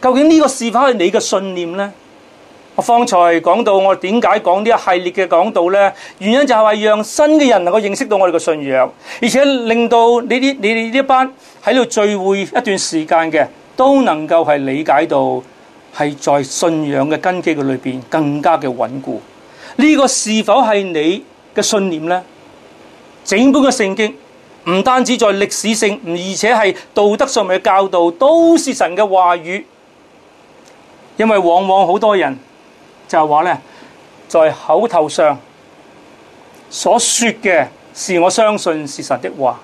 究竟呢個是否係你嘅信念呢？我方才講到我點解講呢一系列嘅講道呢？原因就係話，讓新嘅人能夠認識到我哋嘅信仰，而且令到你啲你哋呢班喺度聚會一段時間嘅都能夠係理解到，係在信仰嘅根基嘅裏面更加嘅穩固。呢、這個是否係你嘅信念呢？整本嘅聖經唔單止在歷史性，而且係道德上面嘅教導，都是神嘅話語。因為往往好多人。就係話咧，在口頭上所說嘅是我相信是神的話，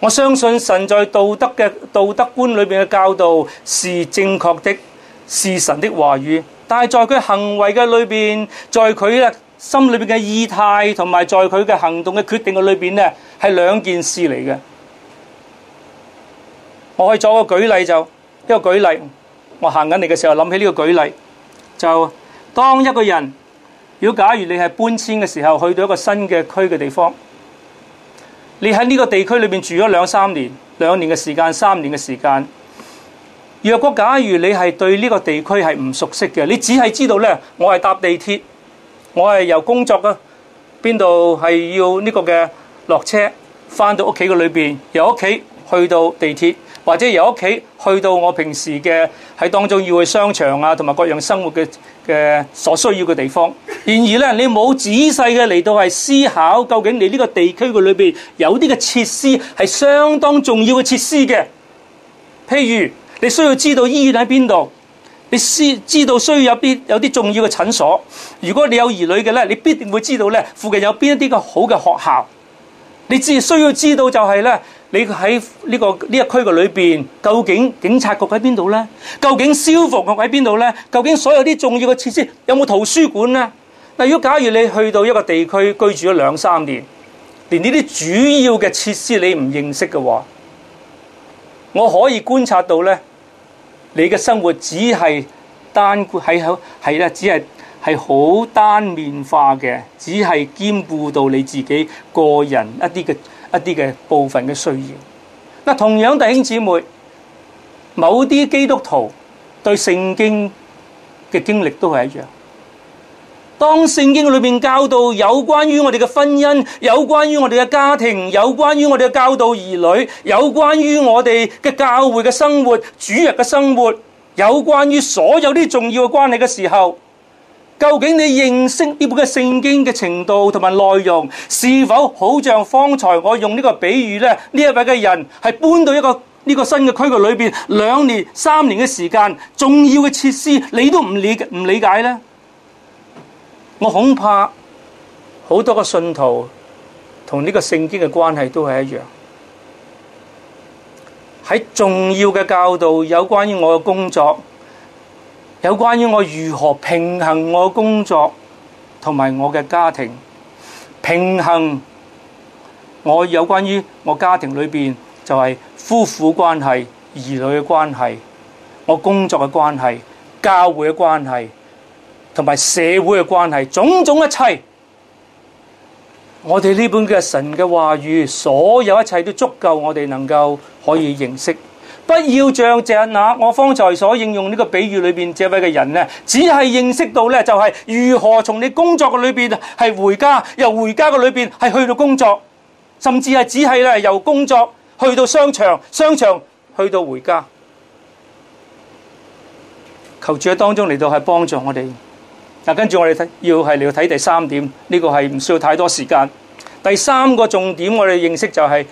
我相信神在道德嘅道德觀裏邊嘅教導是正確嘅，是神的話語。但係在佢行為嘅裏邊，在佢嘅心裏邊嘅意態，同埋在佢嘅行動嘅決定嘅裏邊咧，係兩件事嚟嘅。我可以做個舉例，就呢個舉例，我行緊嚟嘅時候諗起呢個舉例就。當一個人，如果假如你係搬遷嘅時候，去到一個新嘅區嘅地方，你喺呢個地區裏邊住咗兩三年、兩年嘅時間、三年嘅時間，若果假如你係對呢個地區係唔熟悉嘅，你只係知道咧，我係搭地鐵，我係由工作嘅邊度係要呢個嘅落車，翻到屋企嘅裏邊，由屋企去到地鐵。或者由屋企去到我平時嘅喺當中要去商場啊，同埋各樣生活嘅嘅所需要嘅地方。然而咧，你冇仔細嘅嚟到係思考，究竟你呢個地區嘅裏邊有啲嘅設施係相當重要嘅設施嘅。譬如你需要知道醫院喺邊度，你知知道需要有啲有啲重要嘅診所。如果你有兒女嘅咧，你必定會知道咧附近有邊一啲嘅好嘅學校。你只需要知道就係咧、這個，你喺呢個區域裏邊，究竟警察局喺邊度呢？究竟消防局喺邊度呢？究竟所有啲重要嘅設施有冇圖書館呢？嗱，如果假如你去到一個地區居住咗兩三年，連呢啲主要嘅設施你唔認識嘅話，我可以觀察到呢，你嘅生活只係單喺喺係咧，只係。係好單面化嘅，只係兼顧到你自己個人一啲嘅一啲嘅部分嘅需要。嗱，同樣弟兄姊妹，某啲基督徒對聖經嘅經歷都係一樣。當聖經裏面教導有關於我哋嘅婚姻，有關於我哋嘅家庭，有關於我哋嘅教導兒女，有關於我哋嘅教會嘅生活、主日嘅生活，有關於所有啲重要嘅關係嘅時候。究竟你認識呢本嘅聖經嘅程度同埋內容，是否好像方才我用呢個比喻呢？呢一位嘅人係搬到一個呢個新嘅區域裏邊兩年，三年嘅時間，重要嘅設施你都唔理，唔理解呢？我恐怕好多嘅信徒同呢個聖經嘅關係都係一樣，喺重要嘅教導有關於我嘅工作。有關於我如何平衡我工作同埋我嘅家庭，平衡我有關於我家庭裏面就係夫婦關係、兒女嘅關係、我工作嘅關係、教會嘅關係，同埋社會嘅關係，種種一切，我哋呢本嘅神嘅話語，所有一切都足夠我哋能夠可以認識。不要像正下我方才所應用呢個比喻裏邊這位嘅人咧，只係認識到咧就係如何從你工作嘅裏邊係回家，由回家嘅裏邊係去到工作，甚至係只係咧由工作去到商場，商場去到回家。求主喺當中嚟到係幫助我哋。嗱，跟住我哋睇要係嚟到睇第三點，呢個係唔需要太多時間。第三個重點我哋認識就係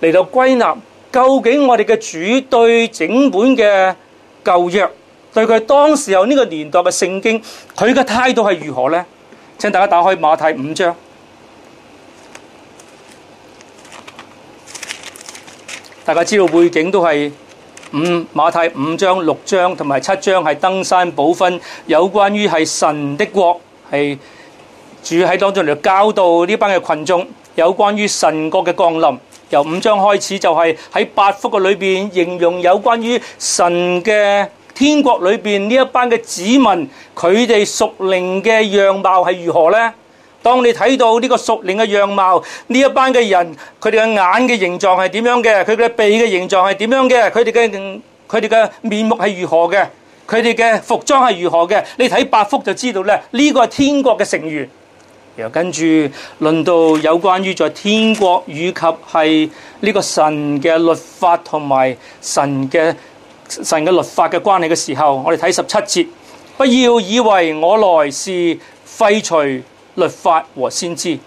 嚟到歸納。究竟我哋嘅主對整本嘅舊約，對佢當時候呢個年代嘅聖經，佢嘅態度係如何呢？請大家打開馬太五章，大家知道背景都係五馬太五章六章同埋七章係登山寶訓，有關於係神的國係主喺當中嚟教導呢班嘅群眾，有關於神國嘅降臨。由五章開始就係、是、喺八福嘅裏邊形容有關於神嘅天國裏面。呢一班嘅子民，佢哋屬靈嘅樣貌係如何呢？當你睇到呢個屬靈嘅樣貌，呢一班嘅人佢哋嘅眼嘅形狀係點樣嘅？佢哋嘅鼻嘅形狀係點樣嘅？佢哋嘅佢哋嘅面目係如何嘅？佢哋嘅服裝係如何嘅？你睇八福就知道咧，呢、這個係天國嘅成員。又跟住，論到有關於在天國以及係呢個神嘅律法同埋神嘅神嘅律法嘅關係嘅時候，我哋睇十七節， (noise) 不要以為我來是廢除律法和先知，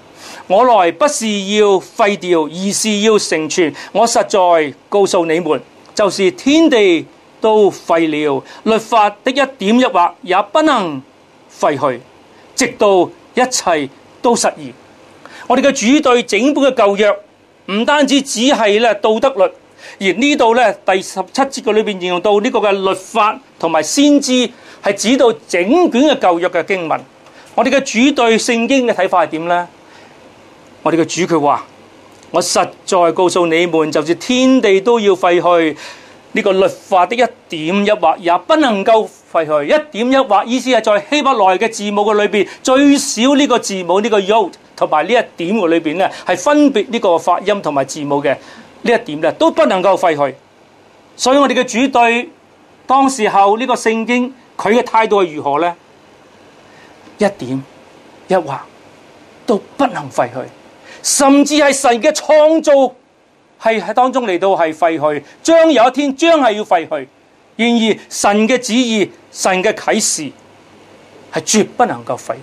我來不是要廢掉，而是要成全。我實在告訴你們，就是天地都廢了，律法的一點一畫也不能廢去，直到一切。都實驗，我哋嘅主對整本嘅舊約，唔單止只係咧道德律，而呢度咧第十七節嘅裏邊應用到呢個嘅律法同埋先知，係指到整卷嘅舊約嘅經文。我哋嘅主對聖經嘅睇法係點呢？我哋嘅主佢話：我實在告訴你們，就算天地都要廢去。呢個律法的一點一畫也不能夠廢去，一點一畫意思係在希伯來嘅字母嘅裏邊，最少呢個字母呢、這個 y 同埋呢一點裏邊咧，係分別呢個發音同埋字母嘅呢一點咧，都不能夠廢去。所以我哋嘅主對當時候呢個聖經佢嘅態度係如何咧？一點一畫都不能廢去，甚至係神嘅創造。係喺當中嚟到係廢去，將有一天將係要廢去。然而神嘅旨意、神嘅啟示係絕不能夠廢去，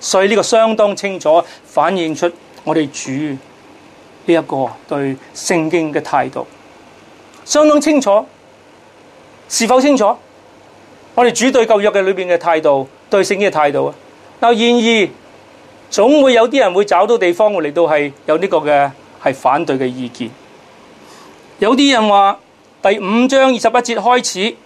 所以呢個相當清楚反映出我哋主呢一個對聖經嘅態度相當清楚，是否清楚？我哋主對舊約嘅裏面嘅態度，對聖經嘅態度然，然而總會有啲人會找到地方嚟到係有呢個嘅。係反對嘅意見，有啲人話第五章二十一節開始，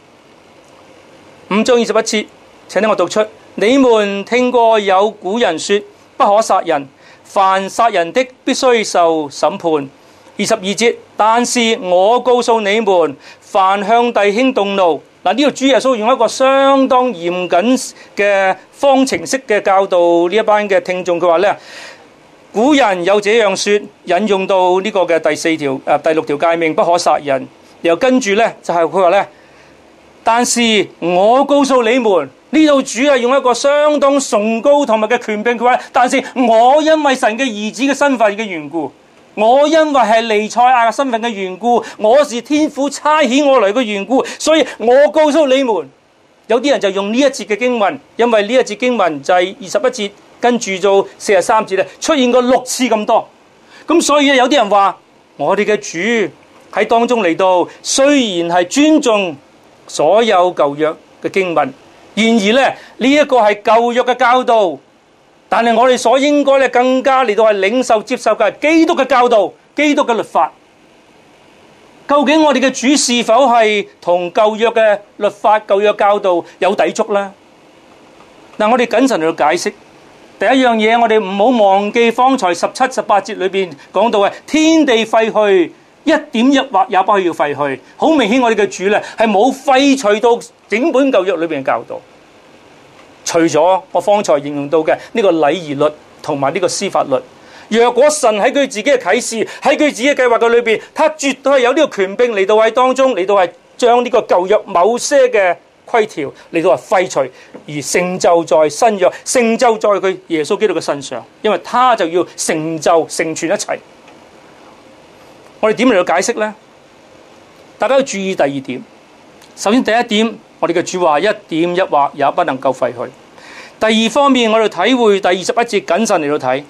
五章二十一節，請聽我讀出：你們聽過有古人說，不可殺人，凡殺人的必須受審判。二十二節，但是我告訴你們，凡向弟兄動怒，嗱，呢個主耶穌用一個相當嚴謹嘅方程式嘅教導呢一班嘅聽眾，佢話呢。古人有這樣說，引用到呢個嘅第四條、第六條誡命，不可殺人。然後跟住呢，就係佢話咧，但是我告訴你們，呢度主要用一個相當崇高同埋嘅權柄，佢話，但是我因為神嘅兒子嘅身份嘅緣故，我因為係尼賽亞的身份嘅緣故，我是天父差遣我嚟嘅緣故，所以我告訴你們，有啲人就用呢一節嘅經文，因為呢一節經文就係二十一節。跟住做四十三節咧，出現過六次咁多，咁所以有啲人話我哋嘅主喺當中嚟到，雖然係尊重所有舊約嘅經文，然而咧呢一個係舊約嘅教導，但係我哋所應該咧更加嚟到係領受接受嘅係基督嘅教導、基督嘅律法。究竟我哋嘅主是否係同舊約嘅律法、舊約教導有抵觸咧？嗱，我哋謹慎嚟到解釋。第一樣嘢，我哋唔好忘記方才十七十八節裏面講到嘅天地廢去一點一劃也不需要廢去。好明顯，我哋嘅主咧係冇廢除到整本舊約裏面嘅教導。除咗我方才形容到嘅呢個禮儀律同埋呢個司法律，若果神喺佢自己嘅啟示，喺佢自己嘅計劃嘅裏邊，他絕對係有呢個權柄嚟到喺當中嚟到係將呢個舊約某些嘅規條嚟到係廢除，而成就在新約，成就在佢耶穌基督嘅身上，因為他就要成就成全一切。我哋點嚟到解釋呢？大家要注意第二點。首先第一點，我哋嘅主話一點一畫也不能夠廢去。第二方面，我哋體會第二十一節謹慎嚟到睇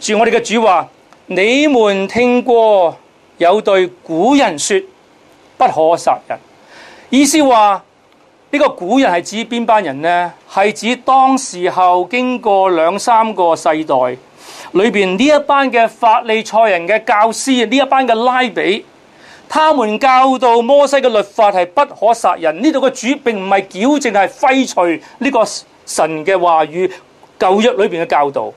住，我哋嘅主話：你們聽過有對古人說，不可殺人，意思話。呢個古人係指邊班人呢？係指當時候經過兩三個世代裏面呢一班嘅法利賽人嘅教師啊，呢一班嘅拉比，他們教導摩西嘅律法係不可殺人。呢度嘅主並唔係矯正，係廢除呢個神嘅話語舊約裏面嘅教導。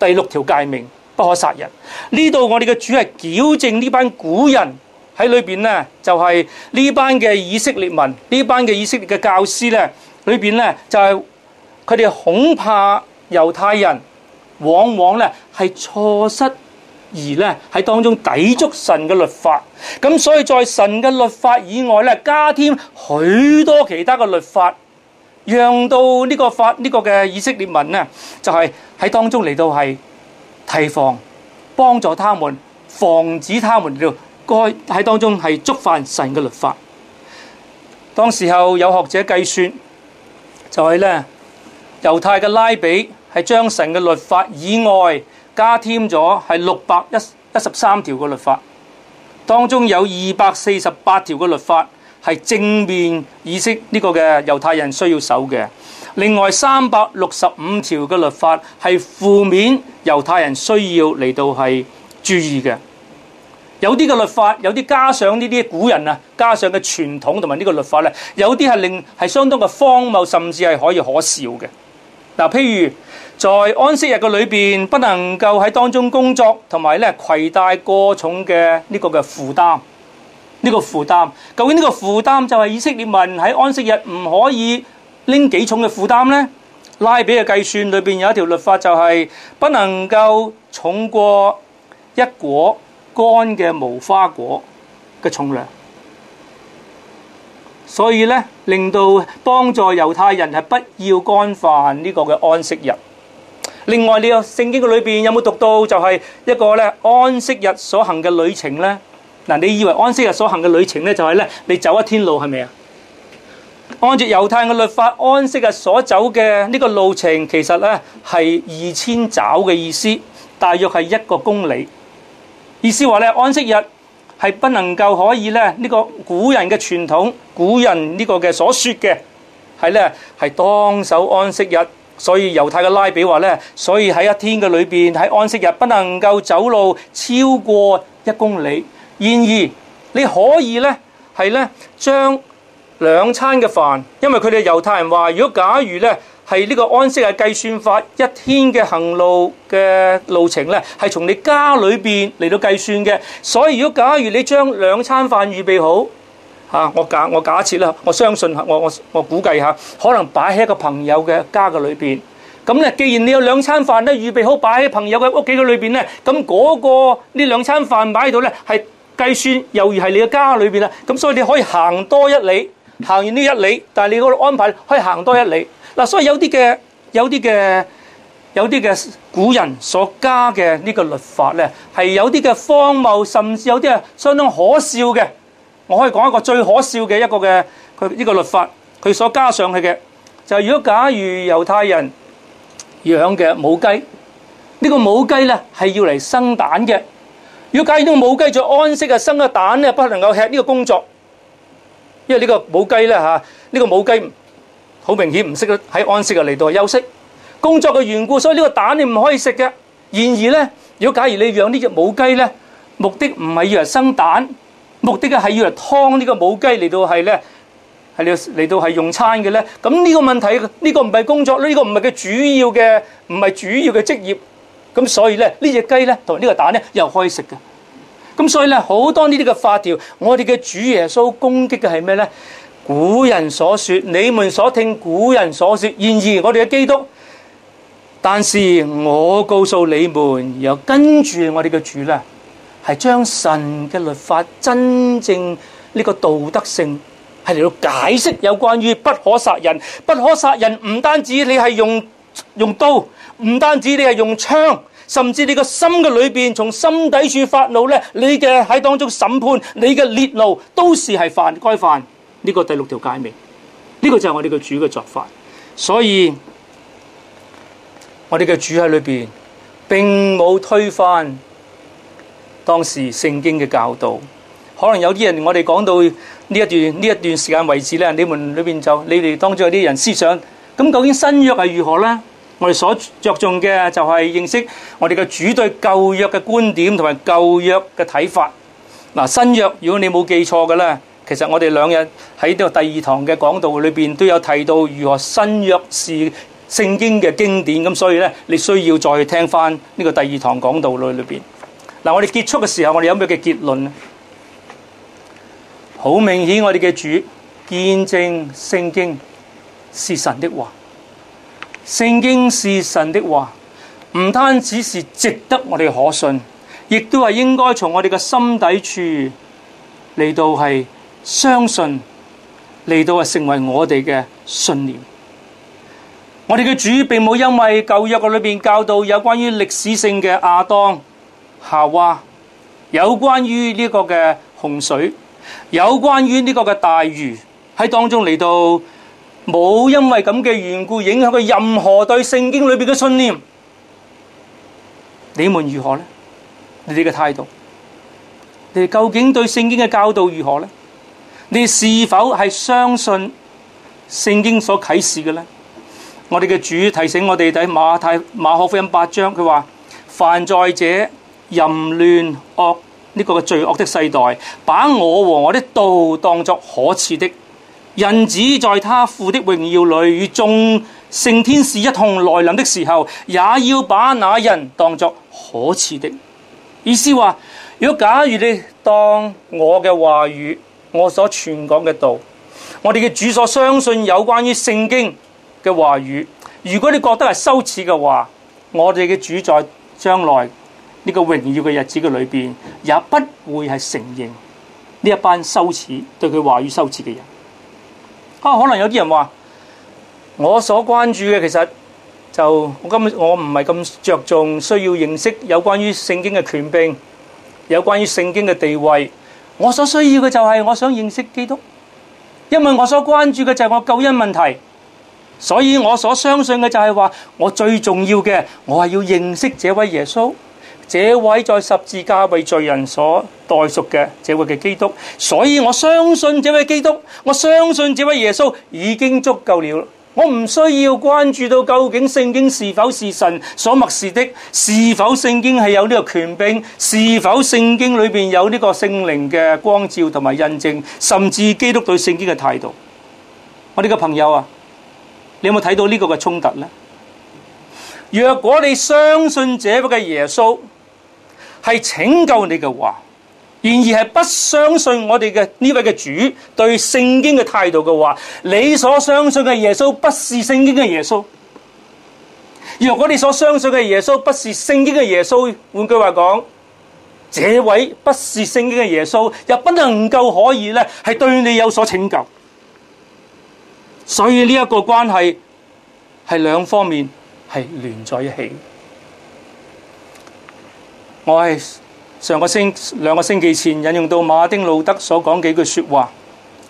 第六條誡命不可殺人。呢度我哋嘅主係矯正呢班古人。喺裏邊咧，就係、是、呢班嘅以色列民，呢班嘅以色列嘅教師咧，裏邊咧就係佢哋恐怕猶太人，往往咧係錯失而咧喺當中抵觸神嘅律法，咁所以在神嘅律法以外咧，加添許多其他嘅律法，讓到呢個法呢、呢個嘅以色列民咧，就係、是、喺當中嚟到係提防，幫助他們，防止他們嚟到該喺當中係觸犯神嘅律法。當時候有學者計算，就係、是、呢：猶太嘅拉比係將神嘅律法以外，加添咗係六百一一十三條嘅律法。當中有二百四十八條嘅律法係正面意識呢個嘅猶太人需要守嘅，另外三百六十五條嘅律法係負面猶太人需要嚟到係注意嘅。有啲嘅律法，有啲加上呢啲古人啊，加上嘅傳統同埋呢個律法咧，有啲係令係相當嘅荒謬，甚至係可以可笑嘅。嗱，譬如在安息日嘅裏邊，不能夠喺當中工作，同埋咧攜帶過重嘅呢個嘅負擔。呢個負擔究竟呢個負擔就係以色列民喺安息日唔可以拎幾重嘅負擔咧？拉比嘅計算裏邊有一條律法就係不能夠重過一果。乾嘅無花果嘅重量，所以咧令到幫助猶太人係不要干犯呢個嘅安息日。另外，你有聖經嘅裏邊有冇讀到就係一個咧安息日所行嘅旅程咧？嗱，你以為安息日所行嘅旅程咧就係咧你走一天路係咪啊？按照猶太嘅律法，安息日所走嘅呢個路程其實咧係二千肘嘅意思，大約係一個公里。意思話咧安息日係不能夠可以咧呢個古人嘅傳統，古人呢個嘅所説嘅係咧係當守安息日，所以猶太嘅拉比話咧，所以喺一天嘅裏邊喺安息日不能夠走路超過一公里，然而你可以咧係咧將兩餐嘅飯，因為佢哋猶太人話，如果假如咧。係呢個安息日嘅計算法，一天嘅行路嘅路程咧，係從你家裏邊嚟到計算嘅。所以如果假如你將兩餐飯預備好嚇、啊，我假我假設啦，我相信我我我估計嚇，可能擺喺一個朋友嘅家嘅裏邊。咁、嗯、咧，既然你有兩餐飯都預備好，擺喺朋友嘅屋企嘅裏邊咧，咁、嗯、嗰、那個兩飯呢兩餐飯擺喺度咧，係計算猶如係你嘅家裏邊啊。咁、嗯、所以你可以行多一里，行完呢一里，但係你嗰個安排可以行多一里。所以有啲嘅，有啲嘅，有啲嘅古人所加嘅呢個律法咧，係有啲嘅荒謬，甚至有啲係相當可笑嘅。我可以講一個最可笑嘅一個嘅佢呢個律法佢所加上去嘅，就係、是、如果假如猶太人養嘅母雞，呢、這個母雞咧係要嚟生蛋嘅。如果假如呢個母雞在安息啊生嘅蛋咧，不能夠吃呢個工作，因為呢個母雞咧吓，呢個母雞。這個母雞好明顯唔識得喺安息嘅嚟到休息工作嘅緣故，所以呢個蛋你唔可以食嘅。然而咧，如果假如你養呢隻母雞咧，目的唔係要嚟生蛋，目的咧係要嚟劏呢個母雞嚟到係咧係嚟嚟到係用餐嘅咧。咁呢個問題，呢個唔係工作，呢個唔係佢主要嘅，唔係主要嘅職業。咁所以咧呢隻雞咧同埋呢個蛋咧又可以食嘅。咁所以咧好多呢啲嘅法條，我哋嘅主耶穌攻擊嘅係咩咧？古人所說，你們所聽古人所說，然而我哋嘅基督，但是我告訴你們，然後跟住我哋嘅主咧，係將神嘅律法真正呢個道德性係嚟到解釋，有關於不可殺人，不可殺人唔單止你係用用刀，唔單止你係用槍，甚至你個心嘅裏面，從心底處發怒咧，你嘅喺當中審判你嘅烈怒都是係犯該犯。呢個第六條解明，呢、這個就係我哋嘅主嘅作法，所以我哋嘅主喺裏邊，並冇推翻當時聖經嘅教導。可能有啲人，我哋講到呢一段，呢一段時間為止呢，你們裏邊就，你哋當中有啲人思想，咁究竟新約係如何呢？」我哋所着重嘅就係認識我哋嘅主對舊約嘅觀點同埋舊約嘅睇法。嗱、啊，新約，如果你冇記錯嘅呢。其實我哋兩日喺呢個第二堂嘅講道裏邊都有提到如何新約是聖經嘅經典，咁所以咧，你需要再聽翻呢個第二堂講道裏裏邊嗱。我哋結束嘅時候，我哋有咩嘅結論咧？好明顯，我哋嘅主見證聖經是神的話，聖經是神的話，唔單止係值得我哋可信，亦都係應該從我哋嘅心底處嚟到係相信嚟到成為我哋嘅信念。我哋嘅主並冇因為舊約嘅裏邊教導有關於歷史性嘅亞當、夏娃，有關於呢個嘅洪水，有關於呢個嘅大魚喺當中嚟到，冇因為咁嘅緣故影響佢任何對聖經裏邊嘅信念。你們如何呢？你哋嘅態度，你哋究竟對聖經嘅教導如何呢？你是否係相信聖經所啟示嘅呢？我哋嘅主提醒我哋睇馬太馬可福音八章，佢話：凡在者淫亂惡呢個罪惡的世代，把我和我的道當作可恥的；人子在他父的榮耀裏與眾聖天使一同來臨的時候，也要把那人當作可恥的。意思話，如果假如你當我嘅話語。我所傳講嘅道，我哋嘅主所相信有關於聖經嘅話語。如果你覺得係羞恥嘅話，我哋嘅主在將來呢個榮耀嘅日子嘅裏邊，也不會係承認呢一班羞恥對佢話語羞恥嘅人。啊，可能有啲人話，我所關注嘅其實就我根本我唔係咁着重，需要認識有關於聖經嘅權柄，有關於聖經嘅地位。我所需要嘅就係我想認識基督，因為我所關注嘅就係我救恩問題，所以我所相信嘅就係話我最重要嘅，我係要認識這位耶穌，這位在十字架為罪人所代贖嘅，這位嘅基督，所以我相信這位基督，我相信這位耶穌已經足夠了。我唔需要關注到究竟聖經是否是神所默示的，是否聖經係有呢個權柄，是否聖經裏面有呢個聖靈嘅光照同埋印證，甚至基督對聖經嘅態度。我呢個朋友啊，你有冇睇到呢個嘅衝突呢？若果你相信這位耶穌係拯救你嘅話，然而係不相信我哋嘅呢位嘅主對聖經嘅態度嘅話，你所相信嘅耶穌不是聖經嘅耶穌。如果你所相信嘅耶穌不是聖經嘅耶穌，換句話講，這位不是聖經嘅耶穌，又不能夠可以咧係對你有所拯救。所以呢一個關係係兩方面係連在一起。我係。上個星兩個星期前引用到馬丁路德所講幾句説話，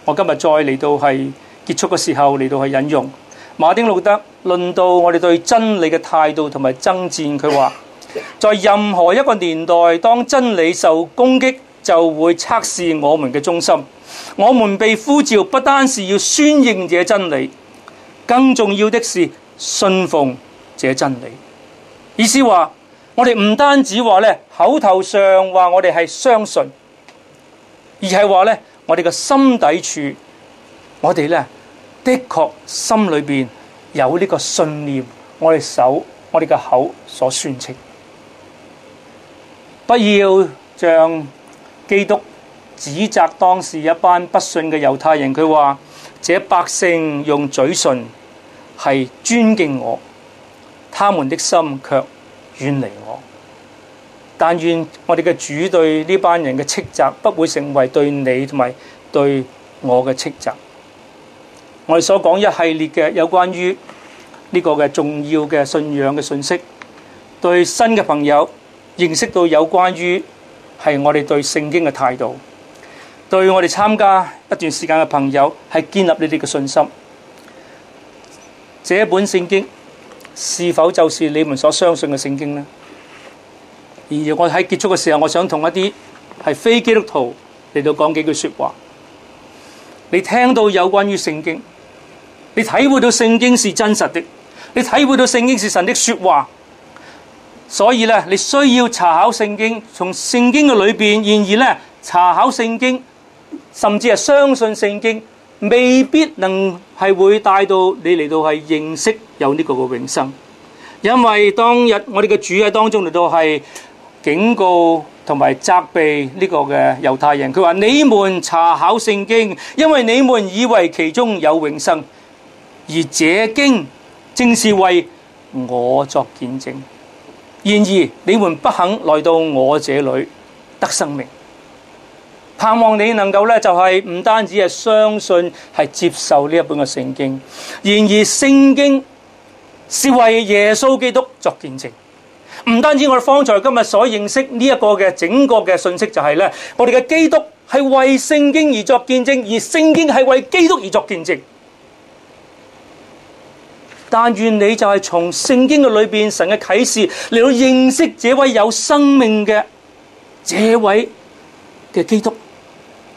我今日再嚟到係結束嘅時候嚟到係引用馬丁路德論到我哋對真理嘅態度同埋爭戰，佢話：在任何一個年代，當真理受攻擊，就會測試我們嘅忠心。我們被呼召不單是要宣認這真理，更重要的是信奉這真理。意思話。我哋唔單止話呢，口頭上話我哋係相信，而係話呢，我哋個心底處，我哋呢，的確心裏邊有呢個信念，我哋手，我哋個口所宣稱，不要像基督指責當時一班不信嘅猶太人，佢話：這百姓用嘴唇係尊敬我，他們的心卻遠離我，但願我哋嘅主對呢班人嘅斥責，不會成為對你同埋對我嘅斥責。我哋所講一系列嘅有關於呢個嘅重要嘅信仰嘅信息，對新嘅朋友認識到有關於係我哋對聖經嘅態度，對我哋參加一段時間嘅朋友係建立你哋嘅信心。這本聖經。是否就是你們所相信嘅聖經呢？而我喺結束嘅時候，我想同一啲係非基督徒嚟到講幾句說話。你聽到有關於聖經，你體會到聖經是真實的，你體會到聖經是神的說話，所以咧，你需要查考聖經，從聖經嘅裏邊，然而咧，查考聖經，甚至係相信聖經，未必能。係會帶到你嚟到係認識有呢個嘅永生，因為當日我哋嘅主喺當中嚟到係警告同埋責備呢個嘅猶太人，佢話，你們查考聖經，因為你們以為其中有永生，而這經正是為我作見證，然而你們不肯來到我這裏得生命。盼望你能夠咧，就係唔單止係相信，係接受呢一本嘅聖經。然而，聖經是為耶穌基督作見證。唔單止我哋方才今日所認識呢一個嘅整個嘅信息，就係、是、咧，我哋嘅基督係為聖經而作見證，而聖經係為基督而作見證。但願你就係從聖經嘅裏邊，神嘅啟示嚟到認識這位有生命嘅這位嘅基督。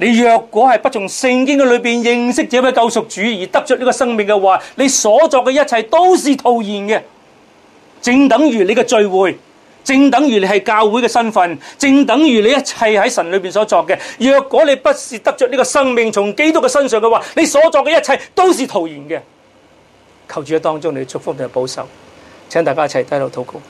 你若果係不從聖經嘅裏面認識這位救贖主而得着呢個生命嘅話，你所作嘅一切都是徒然嘅，正等於你嘅聚會，正等於你係教會嘅身份，正等於你一切喺神裏面所作嘅。若果你不是得着呢個生命從基督嘅身上嘅話，你所作嘅一切都是徒然嘅。求主喺當中，你祝福同保守，請大家一齊低頭禱告。